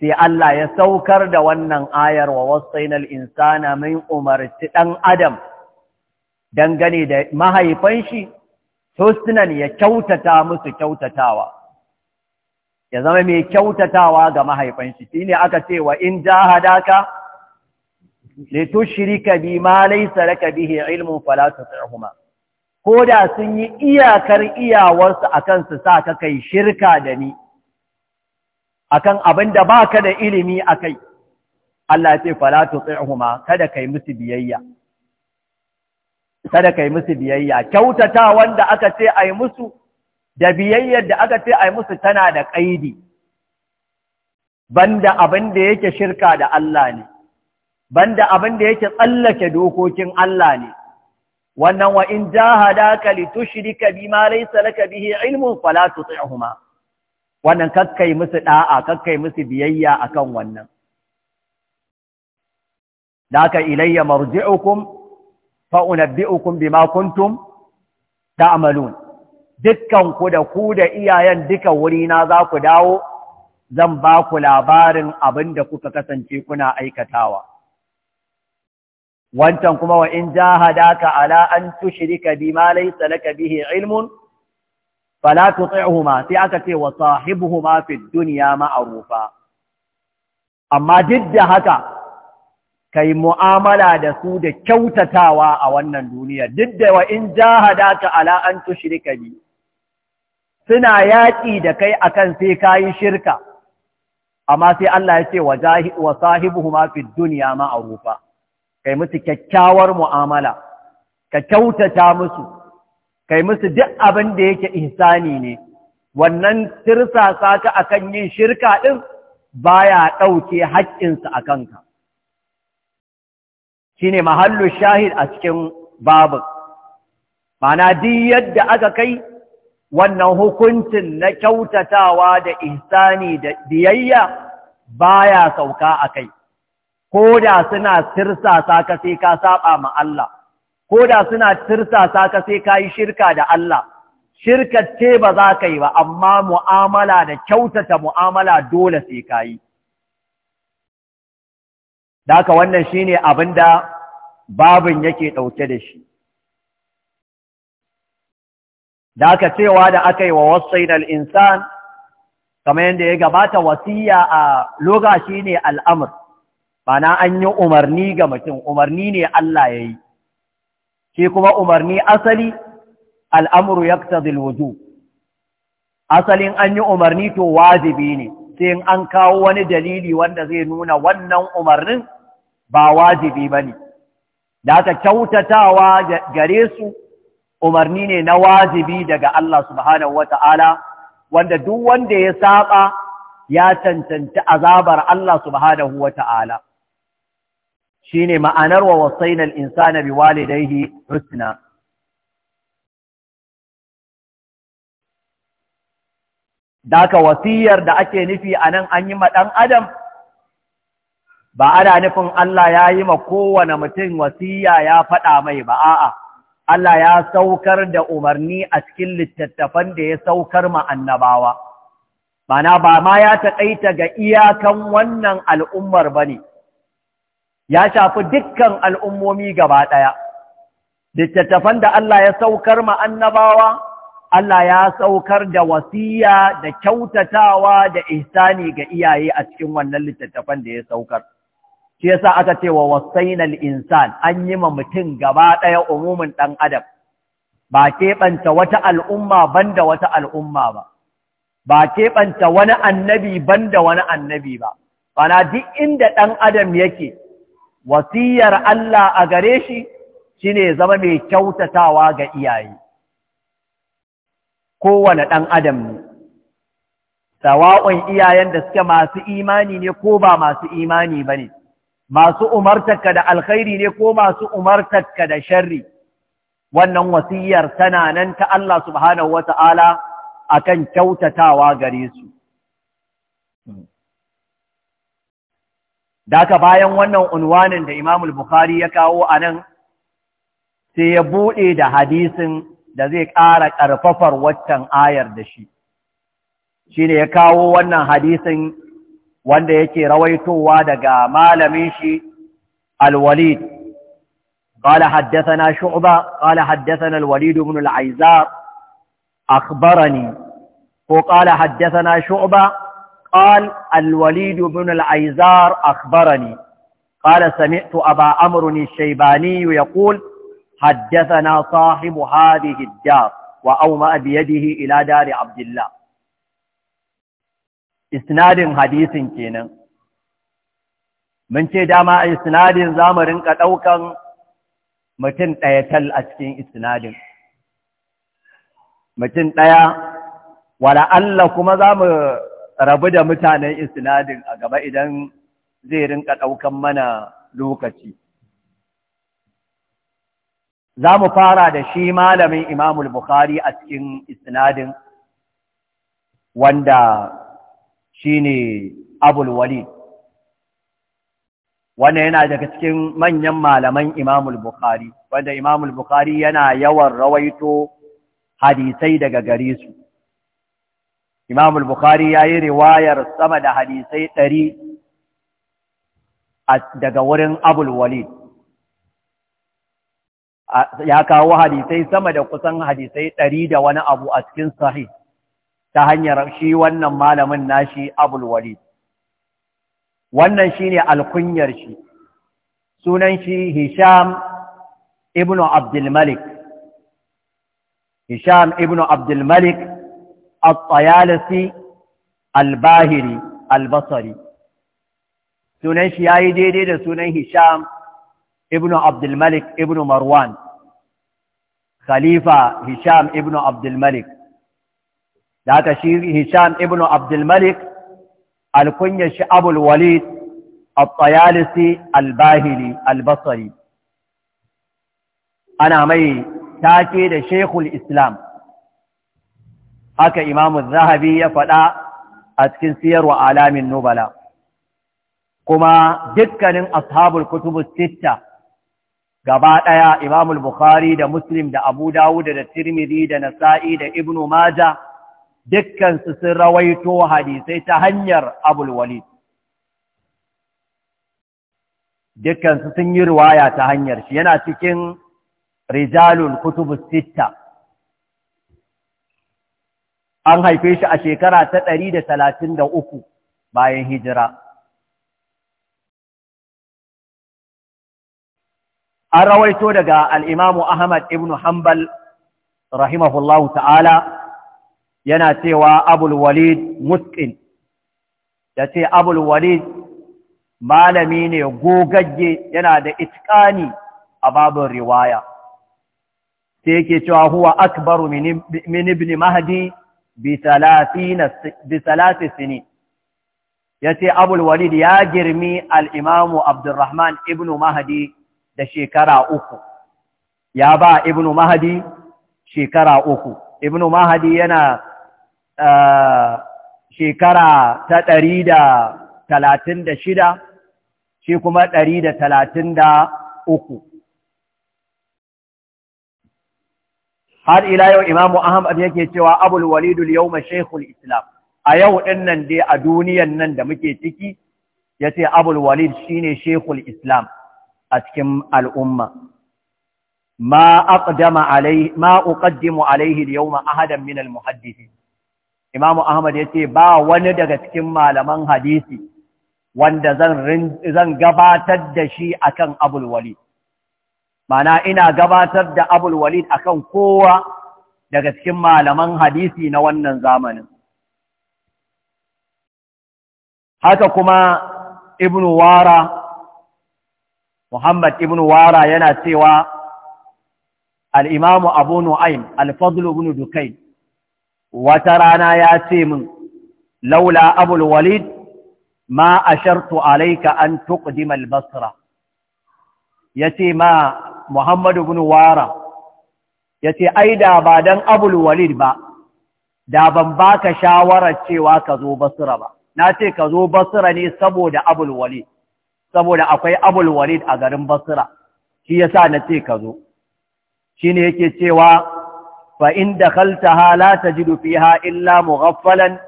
sai Allah ya saukar da wannan ayar wa wasainal insana mai umarci ɗan adam dangane da mahaifan shi husnan ya kyautata musu kyautatawa ya zama mai kyautatawa ga mahaifan shi shine aka ce wa in jahadaka litushrika bi ma laysa laka bihi ilmun fala tuti'huma ko da sun yi iyakar iyawarsu akan su sa ka kai shirka da ni akan abin da baka da ilimi akai Allah ya ce fala tuti'huma kada kai musu biyayya kada kai musu biyayya kyautata wanda aka ce ai musu da biyayyar da aka ce ai musu tana da kaidi banda abin da yake shirka da Allah ne banda abin da yake tsallake dokokin Allah ne wannan wa in jahadaka litushrika bima laysa laka bihi ilmun fala tuti'huma wannan kakkai musu da'a kakkai musu biyayya akan wannan daka ilayya marji'ukum fa unabbi'ukum bima kuntum ta'malun dukkan ku da ku da iyayen duka wurina za ku dawo zan ba ku labarin abin da kuka kasance kuna aikatawa wancan kuma wa in jahadaka ala an tushrika bima laysa laka bihi ilmun fala tuti'huma sai aka ce wa sahibuhuma fid dunya ma'rufa amma didda haka kai mu'amala da su da kyautatawa a wannan duniya duk da wa in jahadaka ala an tushrika bi suna yaƙi da kai akan sai kayi shirka amma sai Allah ya ce wa sahibuhuma fid dunya ma'rufa kai musu kyakkyawar mu'amala ka kyautata musu kai musu duk abin da yake ihsani ne wannan tirsasa ka akan yin shirka din baya ɗauke haƙƙinsu a kanka shine mahallu shahid a cikin babu mana duk yadda aka kai wannan hukuncin na kyautatawa da ihsani da biyayya baya sauka a kai ko da suna tirsasa ka sai ka saba ma Allah ko da suna tirsasa ka sai ka yi shirka da Allah shirkar ce ba za ka yi ba amma mu'amala da kyautata mu'amala dole sai ka yi da haka wannan shine abin da babin yake dauke da shi da cewa da aka yi wa wasainal insan kamar yadda ya gabata wasiya a lokaci ne al'amur ba na an yi umarni ga mutum umarni ne Allah ya yi shi kuma umarni asali al'amuru ya wuju asalin an yi umarni to wajibi ne sai an kawo wani dalili wanda zai nuna wannan umarnin ba wajibi ba ne da aka kyautatawa gare su umarni ne na wajibi daga Allah subhanahu wa ta'ala wanda duk wanda ya saba ya cancanci azabar Allah subhanahu wa ta'ala. shine ma'anar wa wasaina al-insana biwalidayhi husna daka wasiyar da ake nufi anan an yi ma adam ba ana nufin Allah ya yi ma kowane mutum wasiya ya faɗa mai ba a'a Allah ya saukar da umarni a cikin littattafan da ya saukar ma annabawa Bana ba ma ya taƙaita ga iyakan wannan al'ummar ba ne, ya shafi dukkan al'ummomi gaba ɗaya. Littattafan da Allah ya saukar ma Allah ya saukar da wasiya da kyautatawa da ihsani ga iyaye a cikin wannan littattafan da ya saukar. Shi yasa aka ce wa wasainal insan an yi ma mutum gaba ɗaya umumin ɗan adam, ba keɓanta wata al'umma ban da wata al'umma ba, ba keɓanta wani annabi ban da wani annabi ba, bana duk inda ɗan adam yake. wasiyar Allah a gare shi shine zama mai kyautatawa ga iyaye kowane ɗan adam ne sawa'un iyayen da suke masu imani ne ko ba masu imani ba ne masu umartarka da alkhairi ne ko masu umartarka da sharri wannan wasiyar tana nan ta Allah subhanahu wata'ala akan kyautatawa gare su da bayan wannan unwanin da imamul bukhari ya kawo a nan sai ya buɗe da hadisin da zai ƙara ƙarfafar waccan ayar da shi shi ya kawo wannan hadisin wanda yake rawaitowa daga malamin shi al-walidu? alwalid قال حدثنا شعبة قال حدثنا الوليد بن العيزار أخبرني وقال حدثنا شعبة قال الوليد بن العيزار أخبرني قال سمعت أبا أمر الشيباني يقول حدثنا صاحب هذه الدار وأومأ بيده إلى دار عبد الله إسناد حديث كينا من ce dama isnadin zamu rinka ɗaukan mutum ɗaya tal a cikin isnadin mutum ɗaya wala Allah kuma zamu rabu da mutanen isnadin a gaba idan zai rinka ɗaukan mana lokaci. Za mu fara da shi malamin Imamul Bukhari a cikin isnadin wanda shi ne Abulwali. Wanda yana daga cikin manyan malaman Imamul Bukhari, wanda Imamul Bukhari yana yawan rawaito hadisai daga gare su. Imam al-Bukhari yayi riwayar sama da hadisai ɗari daga wurin Abul Walid ya kawo hadisai sama da kusan hadisai ɗari da wani abu a cikin sahih ta hanyar shi wannan malamin nashi Abul Walid wannan shine alkunyar shi sunan shi Hisham ibn Abdul Malik Hisham ibn Abdul Malik at albahiri, al-bahiri al sunan shi yayi daidai da sunan Hisham ibn Abdul Malik ibn Marwan khalifa Hisham ibn Abdul Malik da haka shi Hisham ibn Abdul Malik alkunya shi Abul Walid al al al ana mai take da Sheikhul Islam haka imamu zahabi ya faɗa a cikin siyarwa alamin nubala kuma dukkanin ashabul kutubu sitta gaba ɗaya imamul bukhari da muslim da abu dawud da tirmidhi da nasa'i da ibnu maja dukkansu sun rawaito hadisai ta hanyar abul walid dukkansu sun yi riwaya ta hanyar shi yana cikin rijalul kutubu sitta an haife shi a shekara ta ɗari da talatin da uku bayan hijira. An rawaito daga al'imamu Ahmad ibn Hanbal, rahimahullahu ta'ala, yana cewa Abul Walid Muskin, ya ce Abul Walid malami ne gogagge yana da itkani a babin riwaya. Sai yake cewa huwa akbaru min ibn Mahdi bisalati sini ya ce abulwalid ya girmi al'imamu abdurrahman ibn mahadi da shekara uku ya ba ibn Mahdi shekara uku ibn mahadi yana shekara ta ɗari da talatin da shida shi kuma ɗari da talatin da uku har ila yau imamu ahmad yake cewa abul walidul yawma shaykhul islam a yau din nan dai a duniyan nan da muke ciki yace abul walid shine shaykhul islam a cikin al'umma ma aqdama alai ma uqaddimu alaihi al-yawma ahadan min al-muhaddithin imamu ahmad yace ba wani daga cikin malaman hadisi wanda zan gabatar da shi akan abul walid mana ina gabatar da abul walid akan kowa daga cikin malaman hadisi na wannan zamanin haka kuma ibnu wara muhammad ibnu wara yana cewa al-imamu abu nu'aim al-fadl ibn dukayn wata rana ya ce min laula abul walid ma shartu alayka an tuqdima al-basra yace ma Muhammadu bin Wara ya ce, Ai, da ba don Abul Walid ba, da ban ba ka shawarar cewa ka zo Basira ba, na ce ka zo Basira ne saboda Abul Walid, saboda akwai Abul Walid a garin Basira, shi ya sa na ce ka zo. Shi ne yake cewa, fa inda kalta halata ji dufiha illa mughaffalan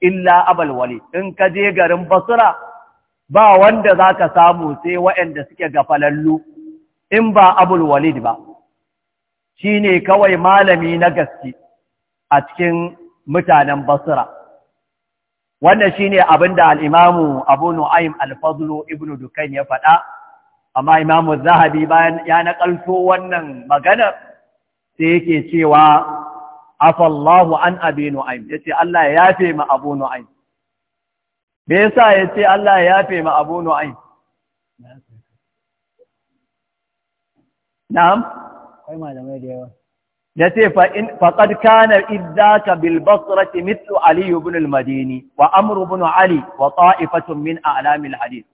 illa Abul Walid, in ka je garin Basira, ba wanda za ka samu sai waɗanda suke gafalallu. in ba abul walid ba shi ne kawai malami na gaske a cikin mutanen basira wannan shi ne abinda al'imamu abu nu’ayim alfazlu ibn dukain ya faɗa amma imamu zahabi bayan ya naƙalto wannan maganar sai yake cewa afallahu an abi nu’ayim ya ce Allah ya yafe ma abu me sa ya ce Allah ya yafe ma abu na'am akwai malamai da yawa ya ce faƙad kanar idzaka bil basrati mithlu ali ibn al madini wa amr ali wa ƙa'ifatun min a al hadith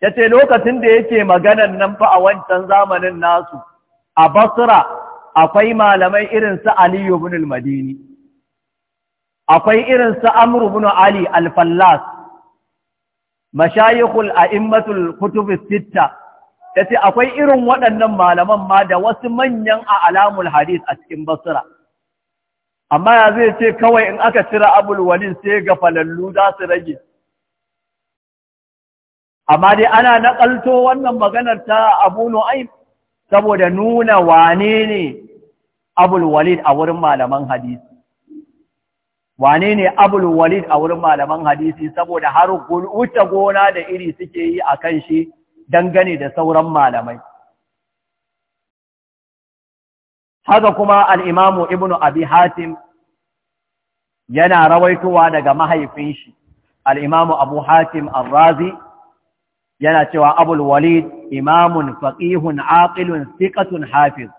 ya ce lokacin da yake maganan nan fa a wancan zamanin nasu a basra akwai malamai irin su ali ibn al madini akwai irin su amr ali al fallas mashayikul a'immatul kutub Sitta. ta ce akwai irin waɗannan malaman ma da wasu manyan a alamul hadis a cikin basira amma ya zai ce kawai in aka cira abulwalin sai ga falallu za su rage amma dai ana naƙalto wannan maganar ta abu nu'aim saboda nuna wane ne abul a wurin malaman hadisi wane ne abulwalin a wurin malaman hadisi saboda har wuce gona da iri suke yi a kan shi dangane da sauran malamai haka kuma al'imamu ibnu abi hatim yana rawaitowa daga mahaifin shi al'imamu abu hatim al-razi yana cewa abul walid imamun faƙihun aƙilun siƙatun hafiz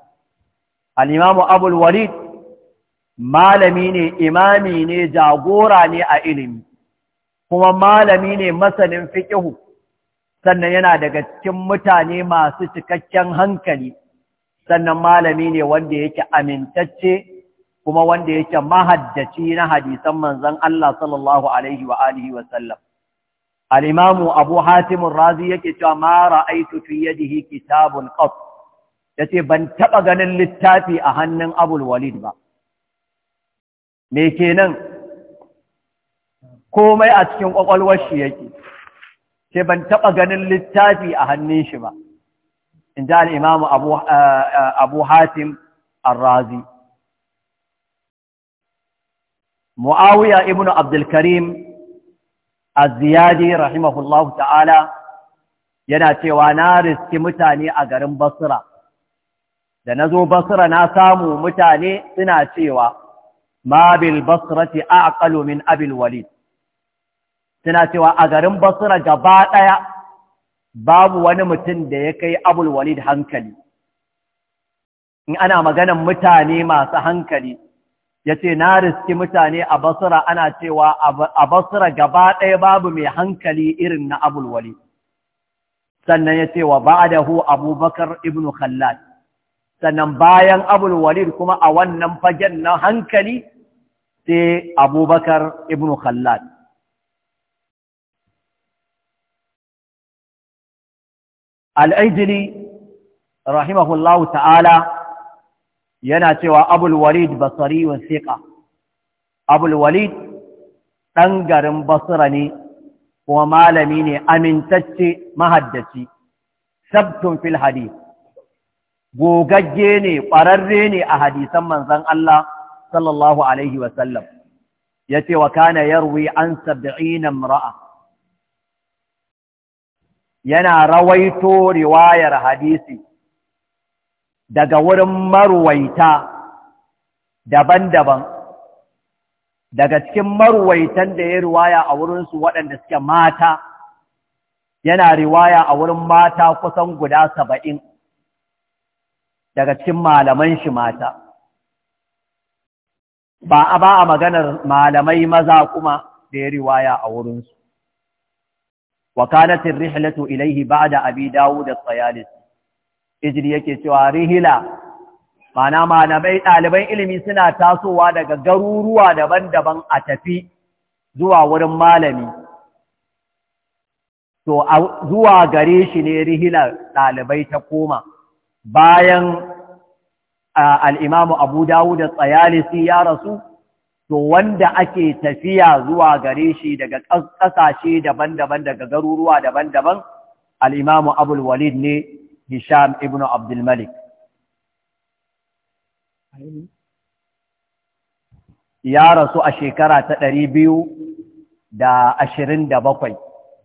al'imamu abul walid malami ne imami ne jagora ne a ilimi kuma malami ne masanin fiƙihu sannan yana daga cikin mutane masu cikakken hankali sannan malami ne wanda yake amintacce kuma wanda yake mahaddaci na hadisan manzon Allah sallallahu alaihi wa alihi wa sallam al Abu Hatim razi yake cewa ma ra'aytu fi yadihi kitabun qat yace ban taɓa ganin littafi a hannun Abul Walid ba me kenan komai a cikin kwakwalwar shi yake ce ban taɓa ganin littafi a hannun shi ba in ji al'imamu eh, eh, abu hatim al-razi mu'awiya ibn abdulkarim az-ziyadi rahimahullahu ta'ala yana cewa na riski mutane a garin basira da na zo basira na samu mutane suna cewa ma bil basirati a min abil walid suna cewa a garin basura gaba ɗaya babu wani mutum da ya kai Abulwalid hankali in ana maganan mutane masu hankali ya ce na riski mutane a basura ana cewa a basura gaba ɗaya babu mai hankali irin na Abulwalid, sannan ya ce wa ba ba'dahu abubakar Ibn khallad sannan bayan Abulwalid kuma a wannan fagen na hankali sai abubakar Ibn khallad al'ajili rahimahullahu ta'ala yana cewa abul walid basari wa siƙa abul walid ɗan garin Basra ne kuma malami ne amintacce mahaddaci sabtun fil hadith gogagge ne ƙwararre ne a hadisan manzan Allah sallallahu alaihi wasallam ya ce wa kana yarwi an sab'ina imra'a yana rawaito riwayar hadisi daga wurin marwaita daban-daban daga cikin marwaitan da ya riwaya a wurinsu waɗanda suke mata yana riwaya a wurin mata kusan guda saba'in daga cikin malaman shi mata ba a ba a maganar malamai maza kuma da ya riwaya a wurinsu وكانت الرحلة إليه بعد أبي داود الطيالس إجري يكي شوى رهلا mana malamai ɗaliban ilimi suna tasowa daga garuruwa daban-daban a tafi zuwa wurin malami to zuwa gare shi ne rihilar ɗalibai ta koma bayan al'imamu abu dawud da tsayalisi ya rasu to wanda ake tafiya zuwa gare shi daga ƙasashe daban-daban daga garuruwa daban-daban al'imamu abul walid ne hisham ibn abdulmalik ya rasu a shekara ta ɗari biyu da ashirin da bakwai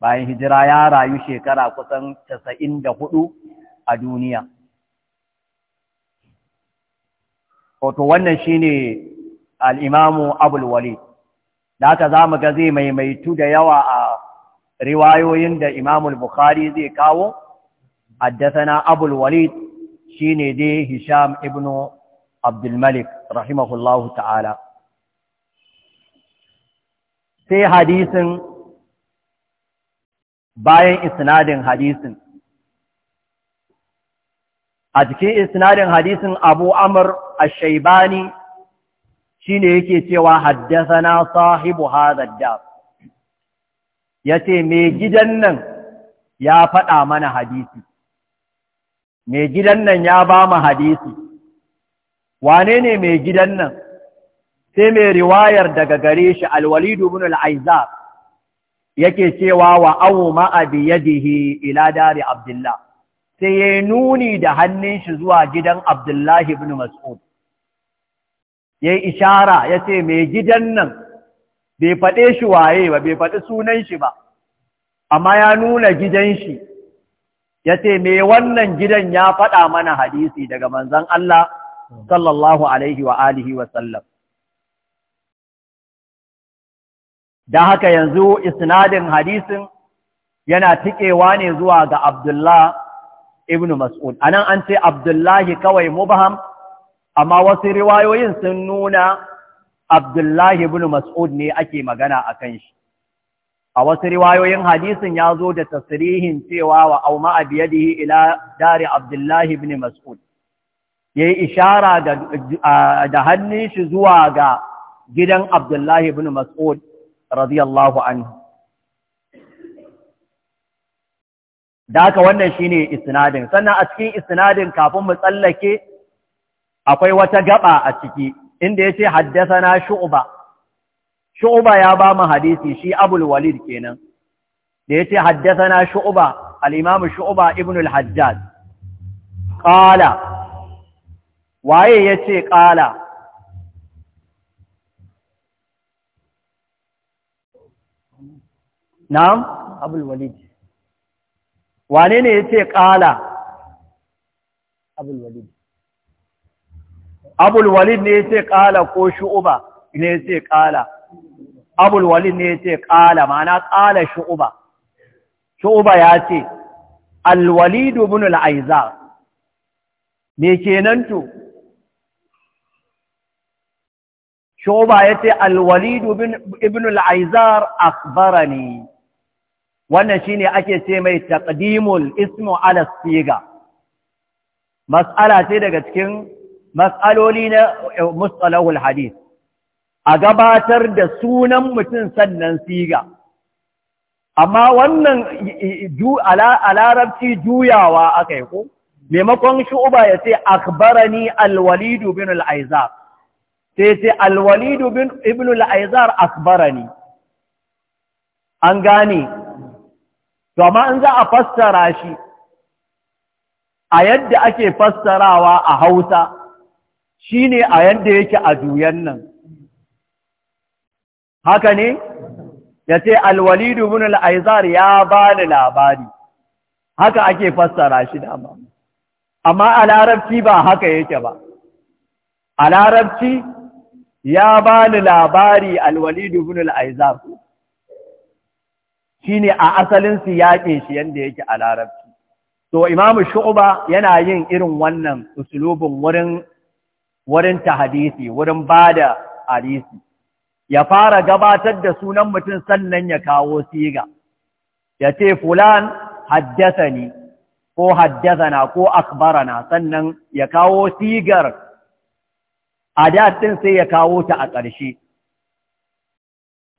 bayan hijira ya rayu shekara kusan casa'in da hudu a duniya. Wato wannan shi ne al'imamu abulwali da haka za mu ga zai maimaitu da yawa a riwayoyin da imamul bukhari zai kawo haddasana abulwali shi ne dai hisham ibnu abdulmalik rahimahullahu ta'ala sai hadisin bayan isnadin hadisin a cikin isnadin hadisin abu amur a shaibani ne yake cewa haddasa na sahibu hadha Ya ce me gidan nan ya faɗa mana hadisi me gidan nan ya ba mu hadisi wane ne me gidan nan sai mai riwayar daga gare shi alwalidu bin ibn yake cewa wa awu ma'abi ya ila iladari Abdullahi? sai ya nuni da hannun shi zuwa gidan abdullahi bin mas'ud ya yi ishara ya ce mai gidan nan bai faɗe shi waye ba bai faɗi sunan shi ba amma ya nuna gidan shi ya ce mai wannan gidan ya faɗa mana hadisi daga manzan Allah sallallahu alaihi wa alihi wa sallam da haka yanzu isnadin hadisin yana tikewa ne zuwa ga Abdullah ibn Mas'ud anan an ce Abdullahi kawai mubham amma wasu riwayoyin sun nuna Abdullahi ibn Mas'ud ne ake magana a kan shi. A wasu riwayoyin hadisin ya zo da tasirihin cewa wa auma a biyadihi ila dare Abdullahi ibn Mas'ud. Ya yi ishara da hannun shi zuwa ga gidan Abdullahi ibn Mas'ud radiyallahu anhu. Da haka wannan shine ne isnadin. Sannan a cikin isnadin kafin mu tsallake akwai wata gaba a ciki inda ya ce haddasa na shu'ba shu'ba ya ba mu hadisi shi abul walid kenan da yace haddathana shu'ba al-imam shu'ba ibn al hajjad ƙala waye yace qala na'am abul walid wane ne ce ƙala abul walid abul walid ne ce ƙala ko Shu'uba ne ce qala abul walid ne ce ƙala, ma'ana qala Shu'uba shu'uba ya al walid ibn al aizar me kenan to ya ce, al walid ibn al aizar akhbarani wannan shine ake ce mai taqdimul ismu ala siga mas'ala ce daga cikin Matsaloli na eh, mustalahul hadith a gabatar da sunan mutum sannan siga amma wannan a juyawa aka yi ko maimakon shu'uba ya ce akbarani alwalidu bin al'aizar sai ce alwalidu bin ibn al'aizar akbarani an gane to amma an za a fassara shi a yadda ake fassarawa a hausa shi ne a yadda yake a juyan nan haka ne ya ce alwalidu bin al'aizar ya ba da labari haka ake fassara shi dama amma a larabci ba haka yake ba a larabci ya ba da labari alwalidu bin al'aizar shi ne a asalin yaƙe shi yadda yake a larabci to imamu shu'uba yana yin irin wannan usulubin wurin wurin tahadisi wurin bada hadisi ya fara gabatar da sunan mutum sannan ya kawo siga ya ce fulan haddasani ko na, ko akbarana sannan ya kawo sigar adat din sai ya kawo ta a ƙarshe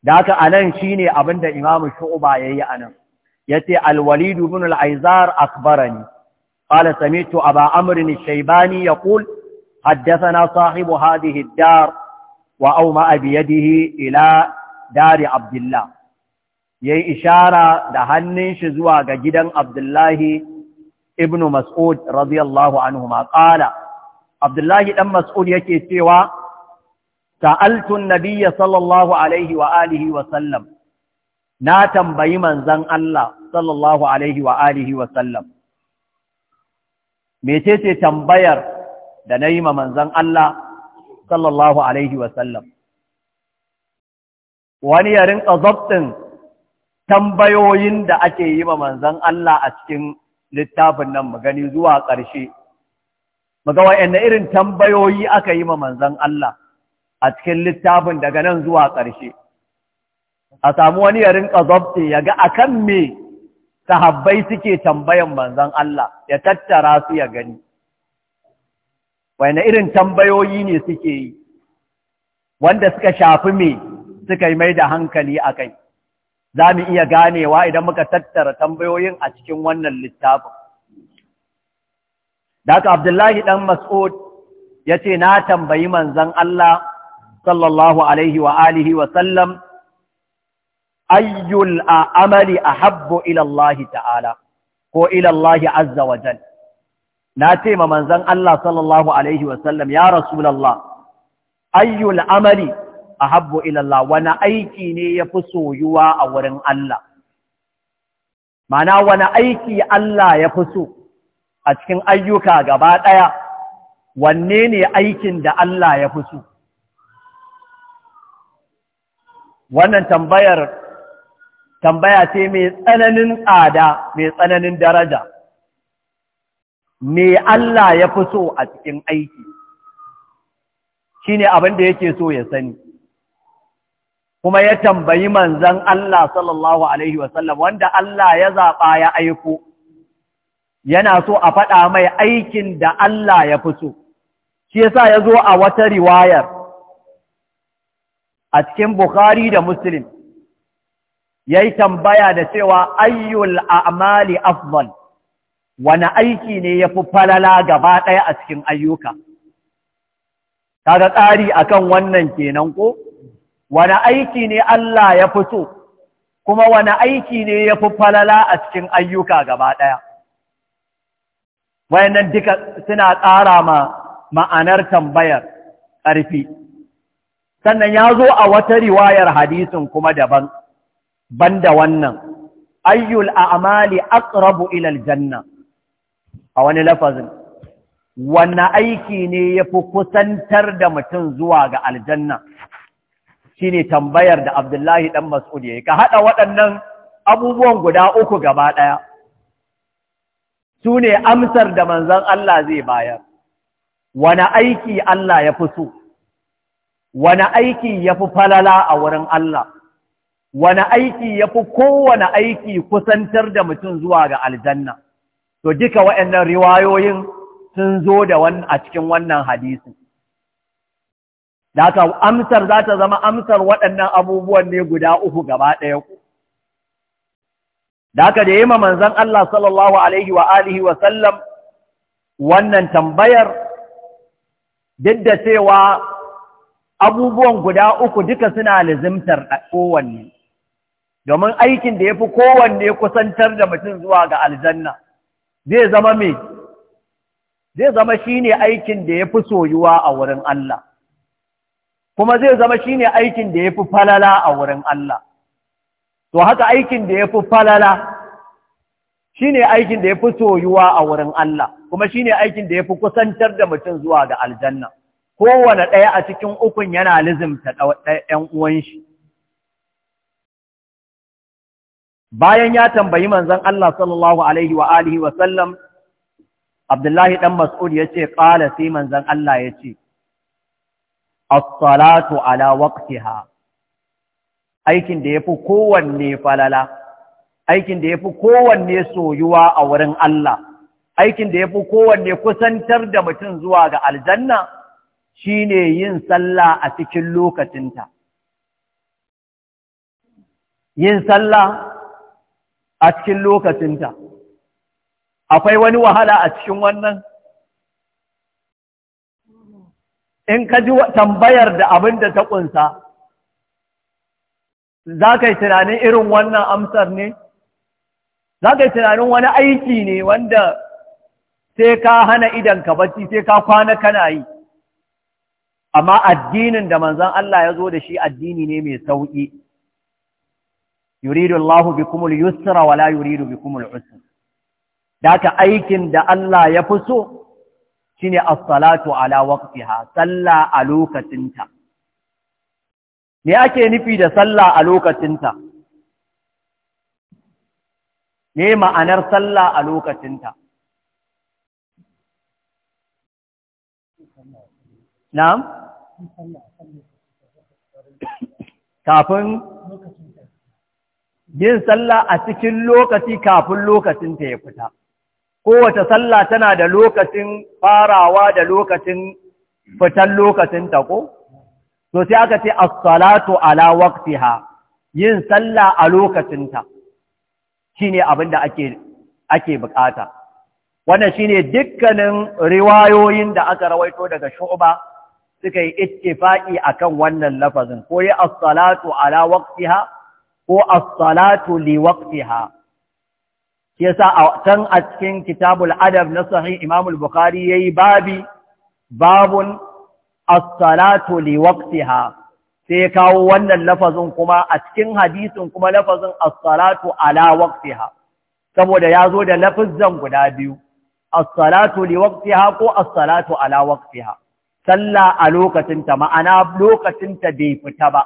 da haka anan shine abinda imamu shu'ba yayi anan yace al-walid ibn al-aizar akbarani qala sami'tu aba amr al-shaybani yaqul حدثنا صاحب هذه الدار وأومأ بيده إلى دار عبد الله يي إشارة دهنن شزوا جدا عبد الله ابن مسعود رضي الله عنهما قال عبد الله بن مسعود يكي سوى سألت النبي صلى الله عليه وآله وسلم ناتم بيمن زن الله صلى الله عليه وآله وسلم متى تنبير da na yi ma manzan Allah sallallahu Alaihi wasallam. Wani yarin rinka tambayoyin da ake yi ma manzan Allah a cikin littafin nan magani zuwa ƙarshe. Maga wa'yan irin tambayoyi aka yi ma manzan Allah a cikin littafin daga nan zuwa ƙarshe. A samu wani yarin ya ga a kan me sahabbai suke tambayan manzan Allah ya tattara su ya gani. wane irin tambayoyi ne suke yi wanda suka shafi me suka yi mai da hankali a kai za mu iya ganewa idan muka tattara tambayoyin a cikin wannan littafin da abdullahi dan mas'ud ya ce na tambayi manzan Allah sallallahu alaihi wa alihi wa sallam ayyul a'amali ahabbu Habbo ilallahi ta'ala ko ilallahi azza wa jalla na ce ma manzan Allah sallallahu alaihi wasallam ya rasulallah ayyul amali ahabbu ila ilallah. wani aiki ne yafi soyuwa a wurin Allah mana wani aiki Allah ya fi so a cikin ayyuka gaba ɗaya wanne ne aikin da Allah ya fi so wannan tambayar tambaya ce mai tsananin tsada mai tsananin daraja me Allah ya fi so a cikin aiki Shi ne abin da yake so ya sani kuma ya tambayi manzan Allah sallallahu alaihi wasallam wanda Allah ya zaɓa ya aiko yana so a faɗa mai aikin da Allah ya fi so shi yasa ya zo a wata riwayar a cikin Bukhari da Muslim ya yi tambaya da cewa ayyul a'mali afdal wani aiki ne ya fi falala gaba ɗaya a cikin ayyuka kaga tsari akan wannan kenan ko wani aiki ne Allah ya fi so kuma wani aiki ne ya fi falala a cikin ayyuka gaba ɗaya wayannan duka suna ƙara ma ma'anar tambayar ƙarfi sannan ya zo a wata riwayar hadisin kuma daban da wannan ayyul a'mali aqrabu ilal janna. a wani lafazin wannan aiki ne ya fi kusantar da mutum zuwa ga aljanna shi ne tambayar da abdullahi ɗan mas'ud ya yi ka haɗa waɗannan abubuwan guda uku gaba ɗaya su ne amsar da manzan Allah zai bayar wani aiki Allah ya fi so wani aiki ya fi falala a wurin Allah wani aiki ya fi kowane aiki kusantar da mutum zuwa ga aljanna to duka waɗannan riwayoyin sun zo da a cikin wannan hadisin da haka amsar za ta zama amsar waɗannan abubuwan ne guda uku gaba ɗaya ku da haka da yi ma manzan Allah sallallahu alaihi wa alihi wa sallam wannan tambayar duk da cewa abubuwan guda uku duka suna lizimtar kowanne domin aikin da ya fi kowanne kusantar da mutum zuwa ga aljanna zai zama me zai zama shine aikin da yafi soyuwa a wurin Allah kuma zai zama shine aikin da yafi falala a wurin Allah to haka aikin da yafi falala shine aikin da yafi soyuwa a wurin Allah kuma shine aikin da yafi kusantar da mutum zuwa ga aljanna kowane ɗaya a cikin ukun yana lizimta ɗan uwan shi bayan ya tambayi manzon Allah sallallahu alaihi wa alihi wa sallam Abdullahi dan Mas'ud yace qala sai manzon Allah yace as-salatu ala waqtiha aikin da yafi kowanne falala aikin da yafi kowanne soyuwa a wurin Allah aikin da yafi kowanne kusantar da mutum zuwa ga aljanna shine yin sallah a cikin lokacinta yin sallah a cikin lokacinta akwai wani wahala a cikin wannan in ka ji tambayar da abin da ta ƙunsa za ka yi tunanin irin wannan amsar ne za ka yi tunanin wani aiki ne wanda sai ka hana ka bacci sai ka kwana kana yi amma addinin da manzan Allah ya zo da shi addini ne mai sauƙi yuridu Allahu bikumul yusra wala yuridu bikumul usra daka aikin da Allah ya fi so shine as-salatu ala a lokacinta me ake nufi da sallah a lokacinta me ma'anar salla a lokacinta kafin yin sallah a cikin lokaci kafin lokacin ta ya fita kowace sallah tana da lokacin farawa da lokacin fitan lokacin ta ko to sai aka ce as-salatu ala waqtiha yin sallah a lokacin ta shine abin da ake ake bukata wannan shine dukkanin riwayoyin da aka rawaito daga shu'ba suka yi ittifaqi akan wannan lafazin ko yi as-salatu ala waqtiha ko as-salatu li waqtiha yasa a can a cikin kitabul adab na sahih Imam al-Bukhari yayi babi babun as-salatu li waqtiha sai kawo wannan lafazin kuma a cikin hadisin kuma lafazin as-salatu ala waqtiha saboda yazo da lafazan guda biyu as-salatu li waqtiha ko as-salatu ala waqtiha sallah a lokacinta ma'ana lokacinta bai fita ba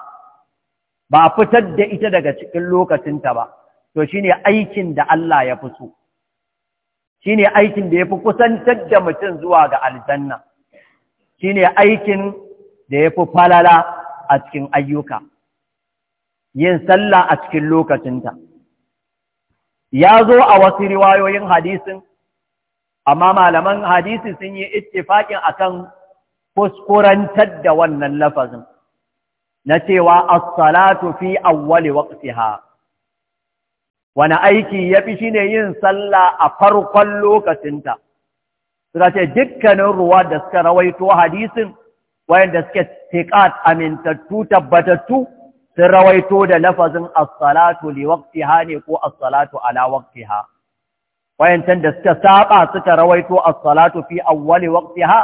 ba a fitar da ita daga cikin lokacinta ba to shi ne aikin da Allah ya fi so Shi ne aikin da ya fi kusantar da mutum zuwa ga aljanna shi ne aikin da ya fi falala a cikin ayyuka yin sallah a cikin lokacinta ya zo a wasu riwayoyin hadisin amma malaman hadisi sun yi ittifaƙin akan kuskurantar da wannan lafazin na cewa as-salatu fi awwali waqtiha wani aiki yafi shine yin sallah a farkon lokacinta suka ce dukkanin ruwa da suka rawaito hadisin wayanda suke tiqat amintattu tabbatattu sun rawaito da lafazin as-salatu li waqtiha ne ko as-salatu ala waqtiha wayancan da suka saba suka rawaito as-salatu fi awwali waqtiha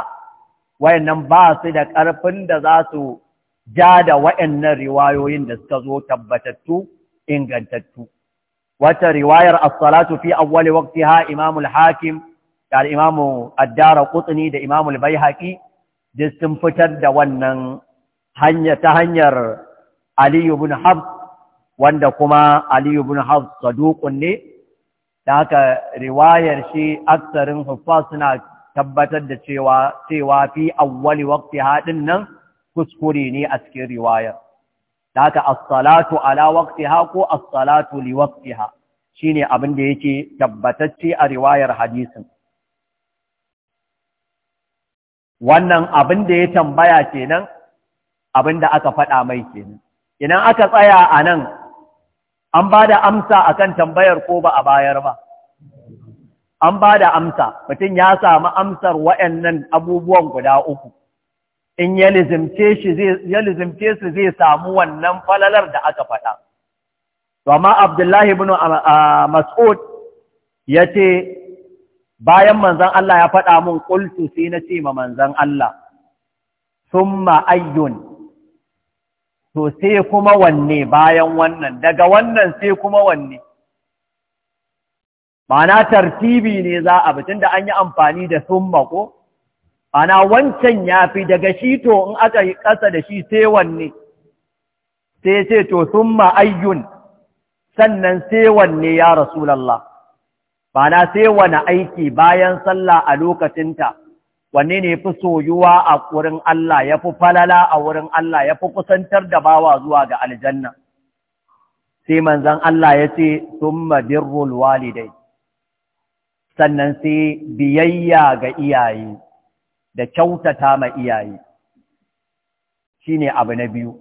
wayannan ba su da ƙarfin da za su ja da waɗannan riwayoyin da suka zo tabbatattu ingantattu wata riwayar as-salatu fi awwali waqtiha imamu al-hakim da al-imamu ad-darqutni da imamu al-baihaqi duk sun fitar da wannan hanya ta hanyar Ali ibn Habs, wanda kuma Ali ibn Habs saduqun ne da haka riwayar shi aksarin huffa suna tabbatar da cewa cewa fi awwali waqtiha dinnan kuskure ne a cikin riwayar da haka as-salatu ala ha ko as-salatu li Shi ne abin da yake tabbatacce a riwayar hadisin wannan abin da ya tambaya ke nan, abin da aka faɗa mai ke nan. idan aka tsaya a nan an ba da amsa kan tambayar ko ba a bayar ba an ba da amsa mutum ya sami amsar nan abubuwan guda uku in ya lizimce su zai samu wannan falalar da aka faɗa. Amma Abdullahi ibn ah, ah, Mas'ud ya ce, bayan manzan Allah ya faɗa mun ƙultu sai na ce ma manzan Allah, Summa ma'ayyun, to sai kuma wanne bayan wannan, daga wannan sai kuma wanne. Ma'ana tartibi ne za a bitin da an yi amfani da summa ko? ana wancan ya fi daga shi to in aka yi ƙasa da shi sai wanne sai ce to sun ma'ayyun sannan sai wanne ya rasulallah ba na sai wani aiki bayan sallah a lokacinta wanne ne fi soyuwa a wurin Allah ya fi falala a wurin Allah ya fi kusantar da bawa zuwa ga aljanna sai manzan Allah ya ce sun birrul walidai sannan sai biyayya ga iyaye da kyautata ma iyaye shine abu na biyu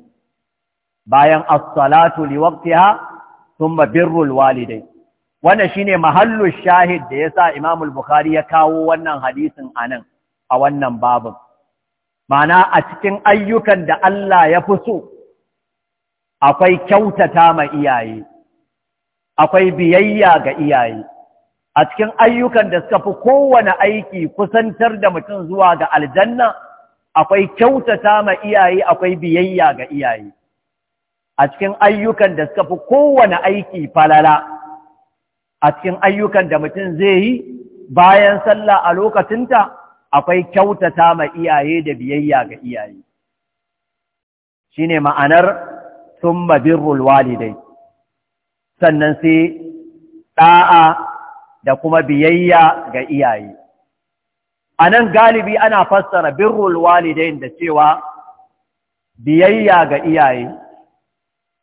bayan as-salatu liwaqtiha thumma birrul walidai wannan shine mahallu shahid da yasa Imam al-Bukhari ya kawo wannan hadisin anan a wannan babin mana a cikin ayyukan da Allah ya fi so akwai kyautata ma iyaye akwai biyayya ga iyaye a cikin ayyukan da suka fi kowane aiki kusantar da mutum zuwa ga aljanna akwai kyautata ma iyaye akwai biyayya ga iyaye a cikin ayyukan da suka fi kowane aiki falala a cikin ayyukan da mutum zai yi bayan sallah a lokacinta akwai kyautata ma iyaye da biyayya ga iyaye shine ma'anar summa birrul walidai sannan sai ɗa'a. da kuma biyayya ga iyaye. A nan galibi ana fassara birrul walidain da cewa biyayya ga iyaye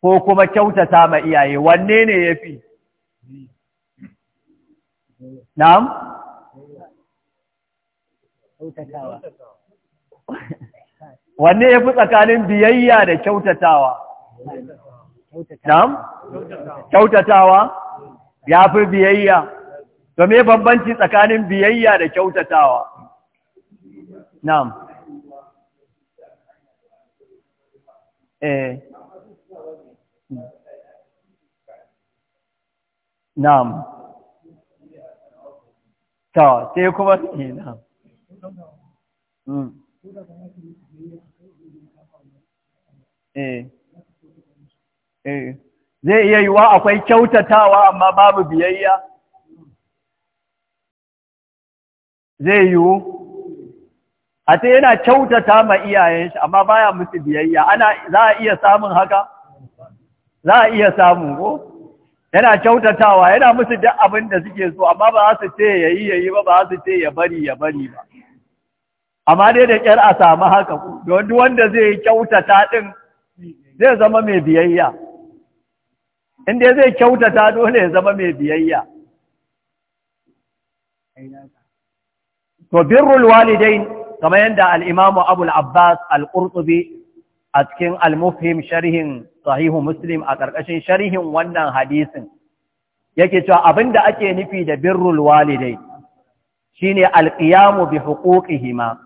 ko kuma kyautata ma iyaye wanne ne ya fi? Kyautatawa. Wanne ya fi tsakanin biyayya da kyautatawa? Na'am? Kyautatawa? Ya fi biyayya. to me bambanci tsakanin biyayya da kyautatawa na'am eh na'am ta sai kuma eh na'am hmm. eh eh zai iya wa akwai kyautatawa amma babu biyayya zai yiwu a ce yana kyautata ma iyayen shi amma baya musu biyayya ana za a iya samun haka za a iya samun ko yana kyautatawa yana musu duk abin da suke so amma ba za su ce ya yi ya yi ba ba za su ce ya bari ya bari ba amma dai da kyar a samu haka don wanda zai yi kyautata din zai zama mai biyayya inda zai kyautata dole ya zama mai biyayya to birrul walidain kamar yadda al'imamu Abul abbas al a cikin al-Mufhim sharhin sahihu Muslim a ƙarƙashin sharhin wannan hadisin yake cewa da ake nufi da birrul walidain shine alƙiyamu qiyamu bi huquqihima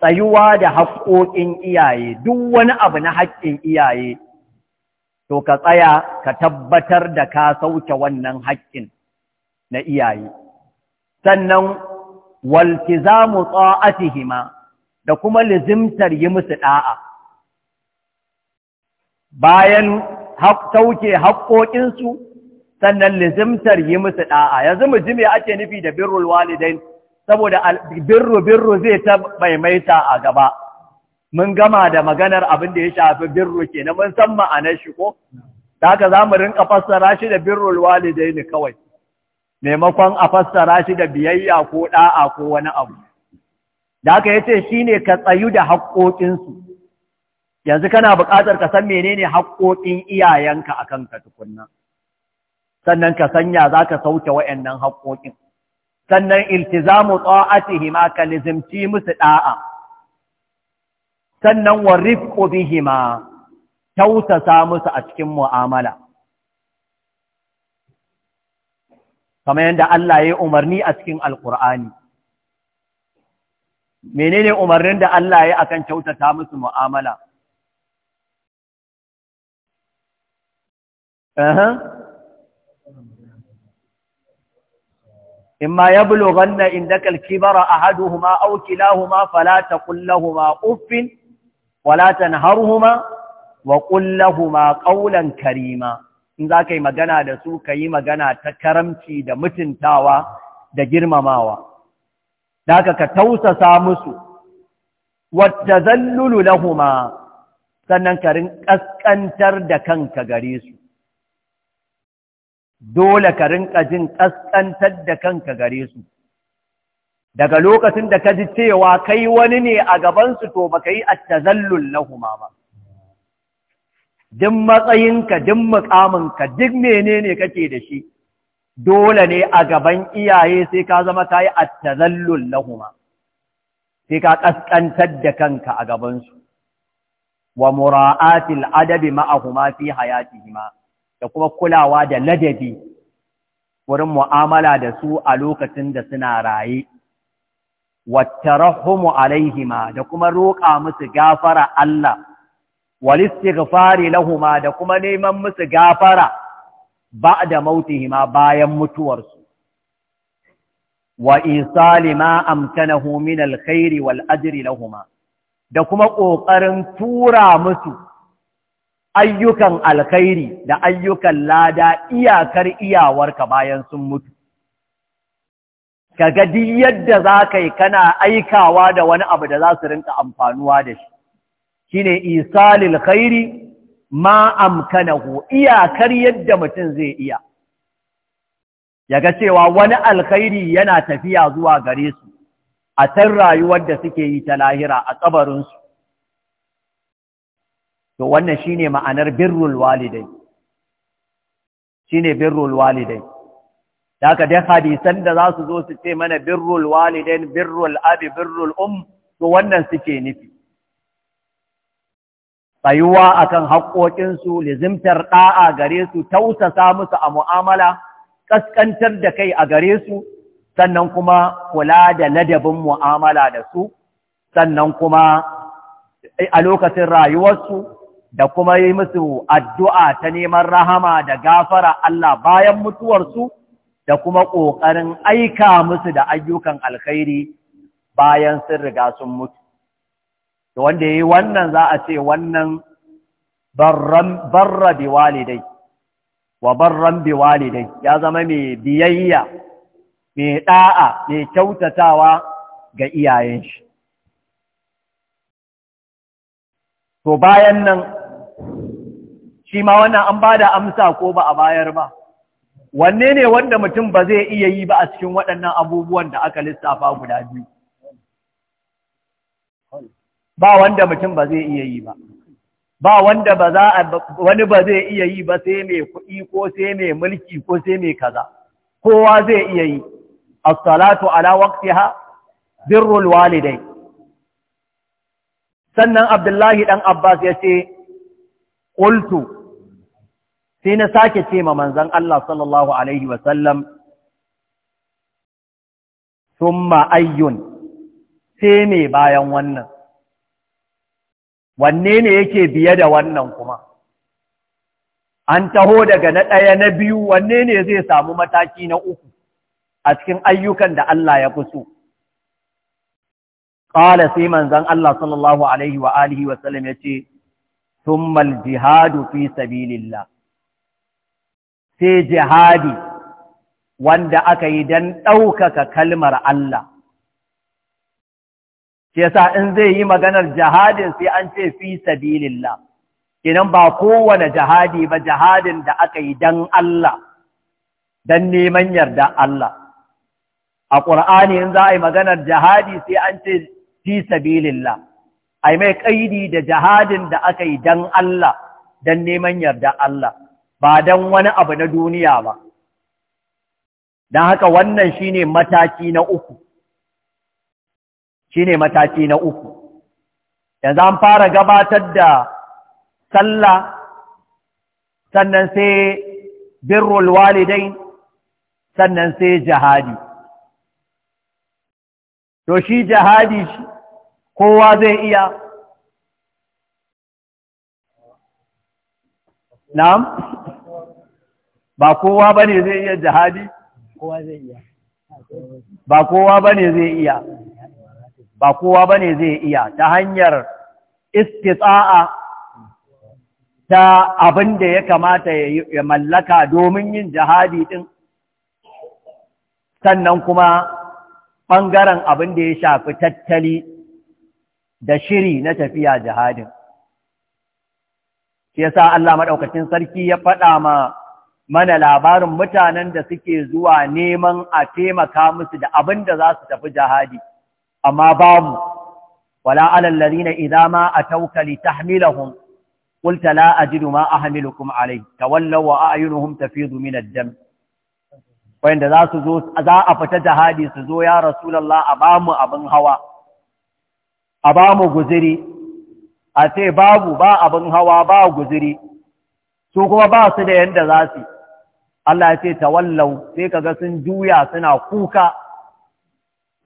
tsayuwa da haƙoƙin iyaye duk wani abu na haƙƙin iyaye to ka tsaya ka tabbatar da ka sauke wannan haƙƙin na iyaye sannan waltizamu ta'atihima da kuma lizimtar yi musu da'a bayan sauke haƙoƙinsu sannan lizimtar yi musu da'a yanzu mu ji me ake nufi da birrul walidain saboda birru birru zai ta maimaita a gaba mun gama da maganar abin da ya shafi birru kenan mun san ma'anar shi ko da haka za mu rinka fassara shi da birrul walidain kawai maimakon a fassara shi da biyayya ko ɗa'a ko wani abu da aka yace ne ka tsayu da haƙoƙinsu yanzu kana buƙatar ka san menene haƙoƙin iyayenka a kanka tukunna sannan ka sanya za ka sauke wa'annan haƙoƙin sannan iltizamu ta'atihima ka lizimci musu ɗa'a sannan wa rifqu bihima kyautata musu a cikin mu'amala kamar yadda Allah ya yi umarni a cikin Al’ur’ani. Menene umarnin da Allah ya akan kyautata musu mu’amala? Imma ya bulo ganna inda kalki bara a haɗu huma, auki lahuma, falata ƙulla huma ƙuffin, falatan har huma, wa ƙulla huma karima. in za ka yi magana da su ka yi magana ta karamci da mutuntawa da girmamawa da aka ka tausasa musu wata zallulu lahuma sannan ka ƙasƙantar da kanka gare su dole ka ƙajin jin ƙasƙantar da kanka gare su daga lokacin da ka ji cewa kai wani ne a gabansu to ba ka yi a tazallul lahuma ba duk matsayinka duk mukaminka duk menene kake da shi dole ne a gaban iyaye sai ka zama kayi tazallun lahuma sai ka ƙasƙantar da kanka a gabansu wa mura'atil adabi ma'ahuma fi hayatihima da kuma kulawa da ladabi wurin mu'amala da su a lokacin da suna raye wa tarahumu alaihima da kuma roƙa musu gafara Allah walistighfari lahuma da kuma neman musu gafara ba'da mautihima bayan mutuwarsu wa isali ma amkanahu min alkhairi wal lahuma da kuma ƙoƙarin tura musu ayyukan alkhairi da ayyukan lada iyakar iyawarka bayan sun mutu kaga duk yadda za ka yi kana aikawa da wani abu da za su rinka amfanuwa da shi shine isalil khairi ma amkanahu iyakar yadda mutum zai iya yaga cewa wani alkhairi yana tafiya zuwa gare su a tan rayuwar da suke yi ta lahira a kabarinsu to wannan shine ma'anar birrul walidai shine birrul walidai daga dai hadisan da za su zo su ce mana birrul Walidai, birrul abi birrul um to wannan suke nufi tsayuwa kan haƙoƙinsu lizimtar ɗa'a gare su tausasa musu a mu'amala ƙasƙantar da kai a gare su sannan kuma kula da ladabin mu'amala da su sannan kuma a lokacin rayuwarsu da kuma yi musu addu'a ta neman rahama da gafara Allah bayan mutuwarsu da kuma ƙoƙarin aika musu da ayyukan alkhairi bayan sun riga sun mutu to wanda yi wannan za a ce wannan barran barra bi walidai wa barran bi walidai ya zama mai biyayya mai da'a mai kyautatawa ga iyayen shi to bayan nan shi ma wannan an bada amsa ko ba a bayar ba wanne ne wanda mutum ba zai iya yi ba a cikin waɗannan abubuwan da aka lissafa guda biyu ba wanda mutum ba zai iya yi ba ba wanda ba za a wani ba zai iya yi ba sai mai kuɗi ko sai mai mulki ko sai mai kaza kowa zai iya yi as-salatu ala waqtiha birrul walidai sannan abdullahi dan abbas ya ce qultu sai na sake ce ma manzon Allah sallallahu alaihi wa sallam thumma ayyun sai me bayan wannan wanne ne yake biye da wannan kuma an taho daga na ɗaya na biyu wanne ne zai samu mataki na uku a cikin ayyukan da Allah ya fi so ƙala sai manzan Allah sallallahu alaihi wa alihi wa sallam ya ce summal jihadu fi sabilillah sai jihadi wanda aka yi don ɗaukaka kalmar Allah shi yasa in zai yi maganar jihadin sai an ce fi sabilillah kinan ba kowane jihadi ba jihadin da aka yi dan Allah dan neman yarda Allah a Qur'ani in za a yi maganar jihadi sai an ce fi sabilillah ai mai kaidi da jihadin da aka yi dan Allah dan neman yarda Allah ba dan wani abu na duniya ba dan haka wannan shine mataki na uku shine mataki na uku yanzu an fara gabatar da sallah sannan sai birrul walidai sannan sai jihadi to shi jihadi kowa zai iya na'am ba kowa bane zai iya jihadi kowa zai iya ba kowa bane zai iya ba kowa ba ne zai iya ta hanyar istitsa'a ta abin da ya kamata ya mallaka domin yin jihadi ɗin sannan kuma ɓangaren abin da ya shafi tattali da shiri na tafiya jihadin shi sa Allah maɗaukacin sarki ya faɗa ma mana labarin mutanen da suke zuwa neman a taimaka musu da abin da za su tafi jihadi amma babu wala alal na idza ma Taukali, ta qulta la ajidu ma ahmilukum alayhi tawallaw wa a'yunuhum tafidu min ad-dam wanda za su zo za a fita jihadi su zo ya rasulallah a bamu abin hawa a bamu guziri a ce babu ba abin hawa ba guziri su kuma ba su da yadda za su Allah ya ce wallau sai kaga sun juya suna kuka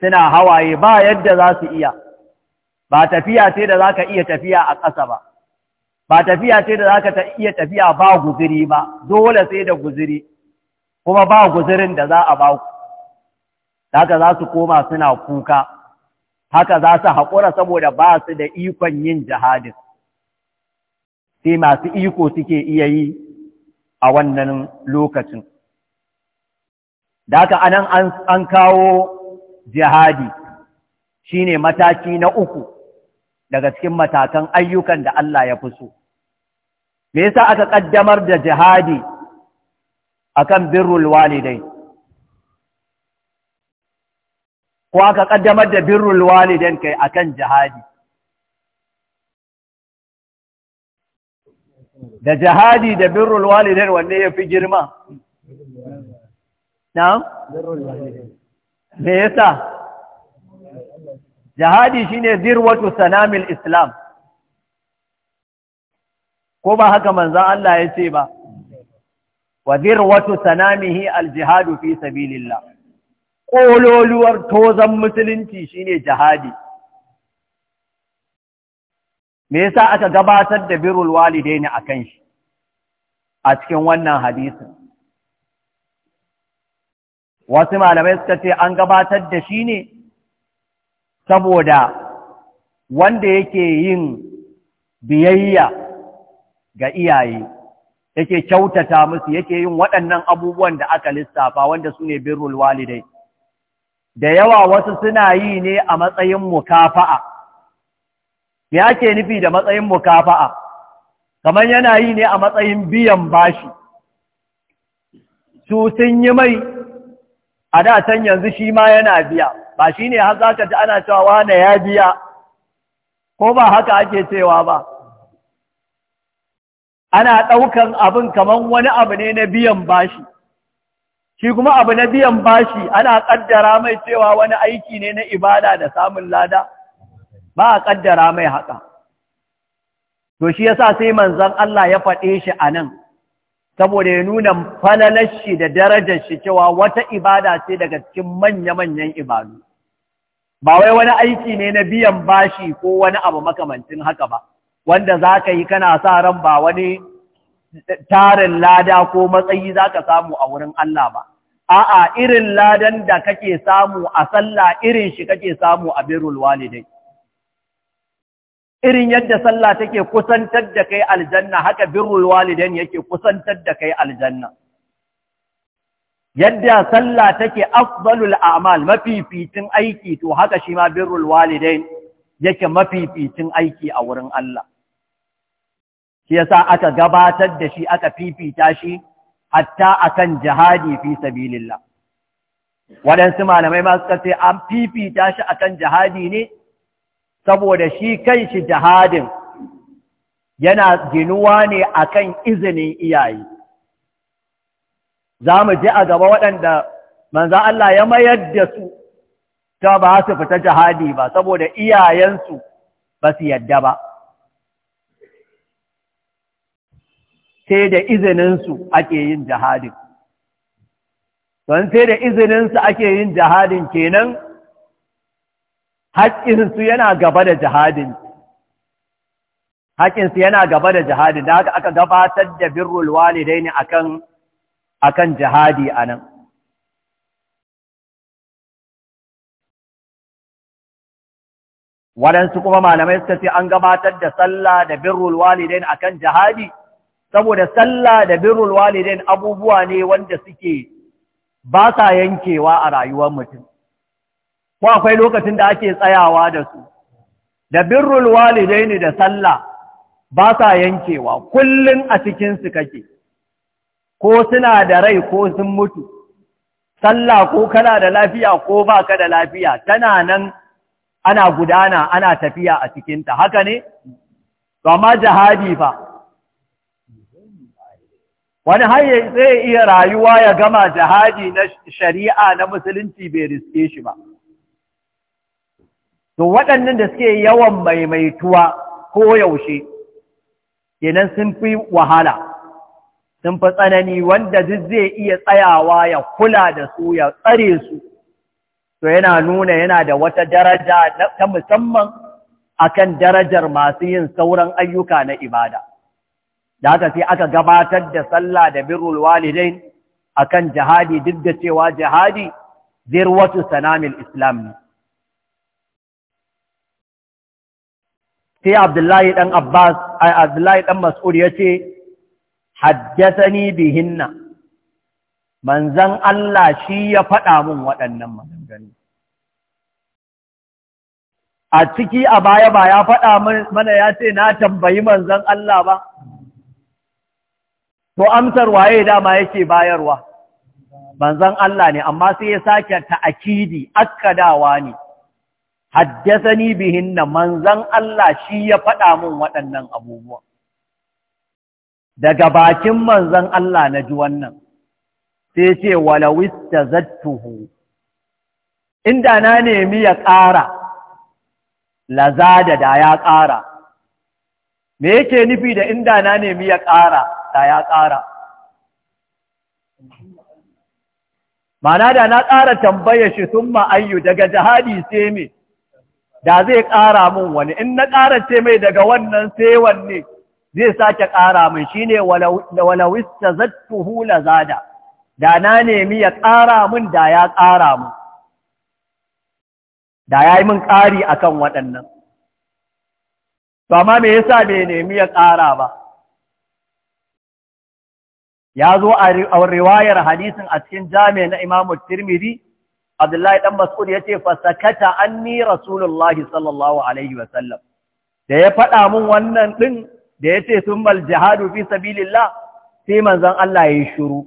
suna hawaye ba yadda za su iya ba tafiya ce da za ka iya tafiya a ƙasa ba ba tafiya ce da za ka iya tafiya ba guziri ba dole sai da guziri kuma ba guzirin da za a ba ku haka za su koma suna kuka haka za su haƙura saboda ba su da ikon yin jihadin sai masu iko suke iya yi a wannan lokacin da anan an kawo jihadi shine mataki na uku daga cikin matakan ayyukan da Allah ya fi so me yasa aka kaddamar da jihadi akan birrul walidai ko aka ƙaddamar da birrul walidain kai akan jihadi da jihadi da birrul walidain wanne ya fi girma na me yasa jihadi shine dirwatu sanamil islam ko ba haka manzon Allah ya ce ba wa dirwatu sanamihi jihadu fi sabilillah kololuwar tozan musulunci shine jihadi me yasa aka gabatar da birul walidaini akan shi a cikin wannan hadisin wasu malamai suka ce an gabatar da shi ne saboda wanda yake yin biyayya ga iyaye yake kyautata musu yake yin waɗannan abubuwan da aka lissafa wanda su ne birrul walidai da yawa wasu suna yi ne a matsayin mukafa'a ya ke nufi da matsayin mukafa'a kamar yana yi ne a matsayin biyan bashi su sun yi mai a da can yanzu shi ma yana biya ba shi ne har zaka ji ana cewa wane ya biya ko ba haka ake cewa ba ana ɗaukan abin kamar wani abu ne na biyan bashi shi kuma abu na biyan bashi ana ƙaddara mai cewa wani aiki ne na ibada da samun lada ba a ƙaddara mai haka to shi yasa sai manzon Allah ya faɗe shi a nan saboda ya nuna falalar shi da darajar shi cewa wata ibada ce daga cikin manya-manyan ibadu ba wai wani aiki ne na biyan bashi ko wani abu makamancin haka ba wanda za ka yi kana sa ran ba wani tarin lada ko matsayi za ka samu a wurin Allah ba a'a irin ladan da kake samu a sallah irin shi kake samu a birul walidai irin yadda sallah take kusantar da kai aljanna haka birrul walidain yake kusantar da kai aljanna yadda sallah take afdalul a'mal mafificin aiki to haka shi ma birrul walidain yake mafificin aiki a wurin Allah shi yasa aka gabatar da shi aka fifita shi hatta akan jihadi fi sabilillah waɗansu malamai ma suka ce an fifita shi akan jihadi ne saboda shi kan shi jihadin yana ginuwa ne a kan izinin iyaye za mu ji a gaba waɗanda manzan Allah ya mayar da su ta ba su fita jihadi ba saboda iyayensu ba su yadda ba sai da izininsu ake yin jihadin don sai da izininsu ake yin jihadin kenan haƙƙinsu yana gaba da jihadin haƙƙinsu yana gaba da jihadin da haka aka gabatar da birrul walidai ne akan akan jihadi nan. waɗansu kuma malamai suka ce an gabatar da sallah da birrul walidai akan jihadi saboda sallah da birrul walidai abubuwa ne wanda suke ba sa yankewa a rayuwar mutum ko akwai lokacin da ake tsayawa da su da birrul walidaini da sallah ba sa yankewa Kullum a cikin su kake ko suna da rai ko sun mutu sallah ko kana da lafiya ko baka da lafiya tana nan ana gudana ana tafiya a cikinta haka ne to jihadi fa wani haye zai iya rayuwa ya gama jihadi na shari'a na musulunci bai riske shi ba to waɗannan da suke yawan maimaituwa ko yaushe kenan sun fi wahala sun fi tsanani wanda duk zai iya tsayawa ya kula da su ya tsare su to yana nuna yana da wata daraja ta musamman akan darajar masu yin sauran ayyuka na ibada da aka sai aka gabatar da sallah da birrul walidain akan jihadi duk da cewa jihadi zirwatu sanamil islam ne sai Abdullahi ɗan Abbas Abdullahi ɗan Mas'ud yace haddathani bihinna manzan Allah shi ya faɗa mun waɗannan maganganu a ciki a baya ba ya faɗa mana ya ce na tambayi manzan Allah ba to amsar waye dama yake bayarwa manzan Allah ne amma sai ya sake ta'akidi akkadawa ne haddasani bihinna manzan Allah shi ya faɗa min waɗannan abubuwa daga bakin manzan Allah na ji wannan sai ce walawista zattuhu inda na nemi ya ƙara lazada da ya ƙara me yake nufi da inda na nemi ya ƙara da ya ƙara mana da na ƙara tambaya shi sun ma'ayyu daga jihadi sai me da zai ƙara min wani in na ƙarace mai daga wannan sai wanne zai sake ƙara min shine walawista zattu hula zada da na nemi ya ƙara min da ya ƙara min da ya yi min ƙari akan waɗannan Bama ma me yasa bai nemi ya ƙara ba ya zo a riwayar hadisin a cikin jami'a na Imamu Tirmidhi Abdullahi ɗan Mas'ud ya ce, Fasakata an ni Rasulullahi sallallahu Alaihi wasallam, da ya faɗa mun wannan ɗin da ya ce sun mal jihadu fi sabilillah sai manzan Allah ya yi shuru.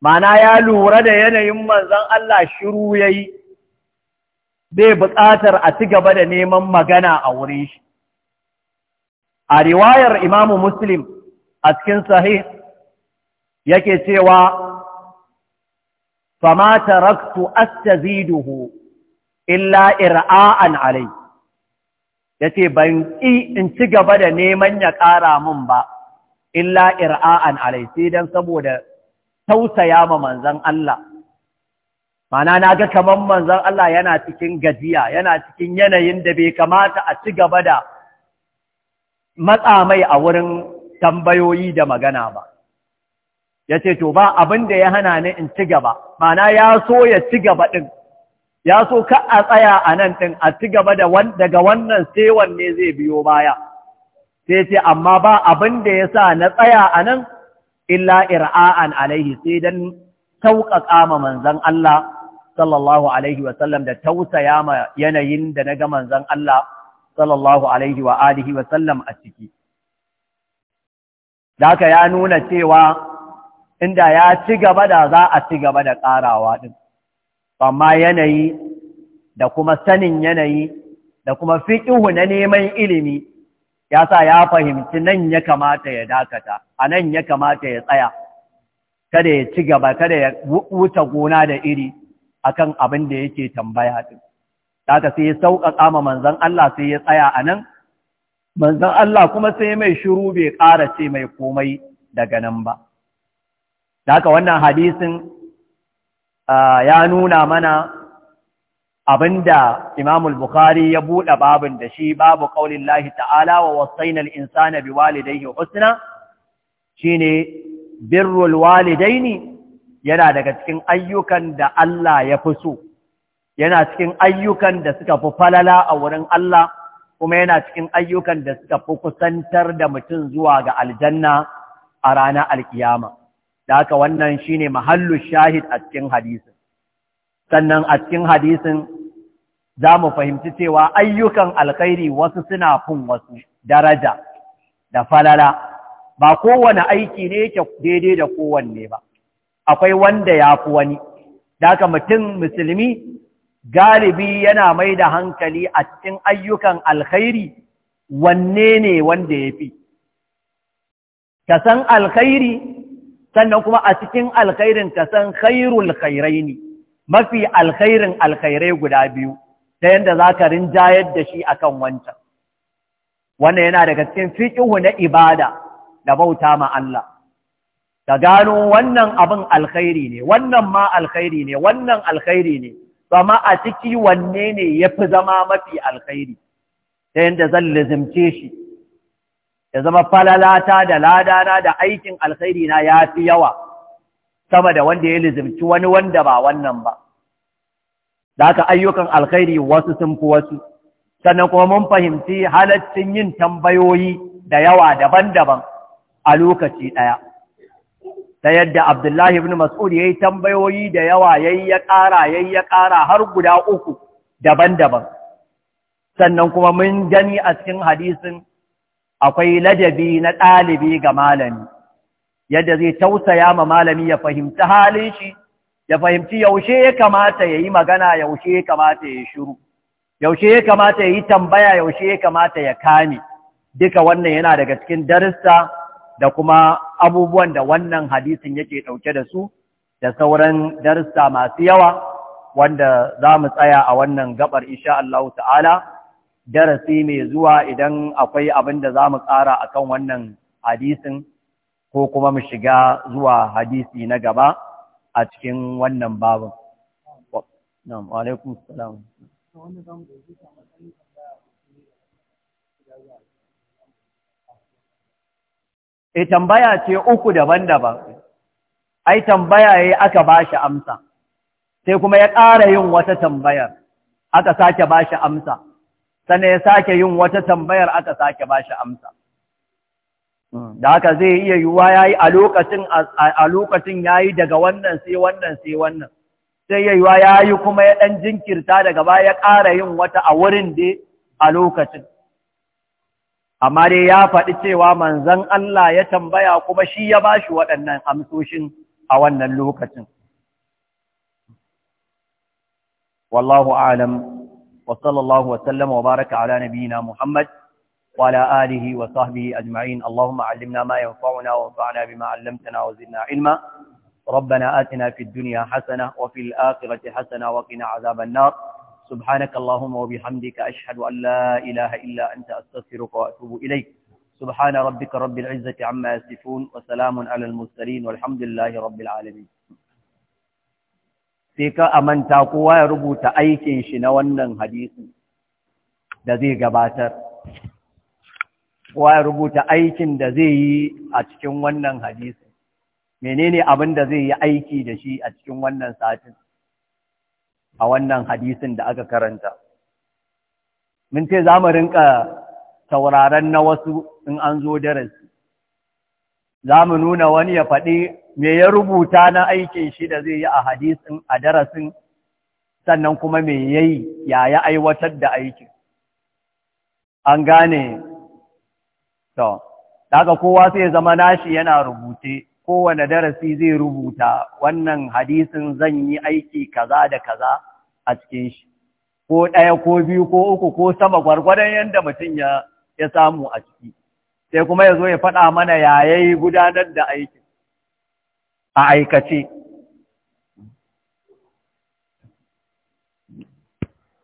Mana ya lura da yanayin manzan Allah shuru ya yi, zai buƙatar a ci gaba da neman magana a wurin shi. A riwayar Imamu Muslim a cikin sahih yake cewa fama taraktu astaziduhu illa ir'a'an alai yace ban ƙi in ci gaba da neman ya ƙara min ba illa ir'a'an alai sai dan saboda tausaya ma manzon Allah mana na ga kamar manzon Allah yana cikin gajiya yana cikin yanayin da bai kamata a ci gaba da matsa mai a wurin tambayoyi da magana ba ya ce to ba abin da ya hana ni in ci gaba mana ya so ya ci gaba din, ya so ka a tsaya a nan din a ci gaba daga wannan sai ne zai biyo baya sai ce amma ba abin da ya sa na tsaya a nan illa ir'a'an alaihi sai dan sauƙaƙa ma manzan Allah sallallahu alaihi sallam da tausaya ma yanayin da na ga manzan Allah sallallahu alaihi wa alihi sallam a ciki. Da haka ya nuna cewa inda ya ci gaba da za a ci gaba da ƙarawa ɗin amma yanayi da kuma sanin yanayi da kuma fiƙihu na neman ilimi ya sa ya fahimci nan ya kamata ya dakata a nan ya kamata ya tsaya kada ya ci gaba kada ya wuce gona da iri a kan abin da yake tambaya ɗin haka sai ya sauƙaƙa ma manzan Allah sai ya tsaya a nan manzon Allah kuma sai mai shiru bai ƙara ce mai komai daga nan ba da haka wannan hadisin ya nuna mana abinda imamul bukhari ya buɗe babin da shi babu ƙaunin lahi ta'ala wa wasaina al-insana biwalidayhi husna shine birrul walidaini yana daga cikin ayyukan da Allah ya fi so yana cikin ayyukan da suka fi falala a wurin Allah kuma yana cikin ayyukan da suka fi kusantar da mutum zuwa ga aljanna a ranar alkiyama. da haka wannan shine mahallu shahid a cikin hadisin sannan a cikin hadisin za mu fahimci cewa ayyukan alkhairi wasu suna fin wasu daraja da falala ba kowane aiki ne yake daidai da kowanne ba akwai wanda ya fi wani da haka mutum musulmi galibi yana mai da hankali a cikin ayyukan alkhairi wanne ne wanda ya fi ka san alkhairi sannan kuma a cikin alkhairin ka san khairul ne. mafi alkhairin alkhairai guda biyu ta yadda za ka rinjayar da shi akan wancan wannan yana daga cikin fiƙihu na ibada da bauta ma Allah ka gano wannan abin alkhairi ne wannan ma alkhairi ne wannan alkhairi ne amma a ciki wanne ne ya fi zama mafi alkhairi ta yadda zan lizimce shi ya zama falalata da ladana da aikin alkhairi na ya fi yawa sama da wanda ya lizimci wani wanda ba wannan ba da aka ayyukan alkhairi wasu sun fi wasu sannan kuma mun fahimci halaccin yin tambayoyi da yawa daban-daban a lokaci ɗaya ta yadda abdullahi ibn mas'ud ya yi tambayoyi da yawa ya yi ya ƙara ya yi ya ƙara har guda uku daban-daban sannan kuma mun gani a cikin hadisin akwai ladabi na ɗalibi ga malami yadda zai tausaya ma malami ya fahimci halin shi ya fahimci yaushe ya kamata ya yi magana yaushe ya kamata ya shuru shiru yaushe ya kamata ya yi tambaya yaushe ya kamata ya kame duka wannan yana daga cikin darussa da kuma abubuwan da wannan hadisin yake ɗauke da su da sauran darussa masu yawa wanda za mu tsaya a wannan gabar insha Allah ta'ala darasi mai zuwa idan akwai abin da za mu ƙara a kan wannan hadisin ko kuma mu shiga zuwa hadisi na gaba a cikin wannan babin. E tambaya ce uku daban-daban, ai tambaya ya aka ba shi amsa, sai kuma ya ƙara yin wata tambayar, aka sake ba shi amsa. sannan ya sake yin wata tambayar aka sake ba shi amsa da haka zai iya yiwuwa ya yi a lokacin ya yi daga wannan sai wannan sai wannan sai ya yiwuwa ya yi kuma ya ɗan jinkirta daga baya ya ƙara yin wata a wurin dai a lokacin amma dai ya faɗi cewa manzan Allah ya tambaya kuma shi ya ba shi waɗannan amsoshin a wannan lokacin wallahu alam وصلى الله وسلم وبارك على نبينا محمد وعلى آله وصحبه أجمعين اللهم علمنا ما ينفعنا وانفعنا بما علمتنا وزدنا علما ربنا آتنا في الدنيا حسنة وفي الآخرة حسنة وقنا عذاب النار سبحانك اللهم وبحمدك أشهد أن لا إله إلا أنت أستغفرك وأتوب إليك سبحان ربك رب العزة عما يصفون وسلام على المرسلين والحمد لله رب العالمين sai ka manta kowa ya rubuta aikin shi na wannan hadisi da zai gabatar kowa ya rubuta aikin da zai yi a cikin wannan hadisi menene abin da zai yi aiki da shi a cikin wannan satin a wannan hadisin da aka karanta mun ce za mu rinka tauraron na wasu in an zo darasi za mu nuna wani ya faɗi me ya rubuta na aikin shi da zai yi a hadisin a darasin sannan kuma me ya yi ya ya aiwatar da aikin an gane to daga kowa sai zama nashi yana rubuce kowane darasi zai rubuta wannan hadisin zan yi aiki kaza da kaza a cikin shi ko ɗaya ko biyu ko uku ko sama gwargwadon yadda mutum ya samu a ciki sai kuma ya zo ya faɗa mana yayayi gudanar da aiki a aikace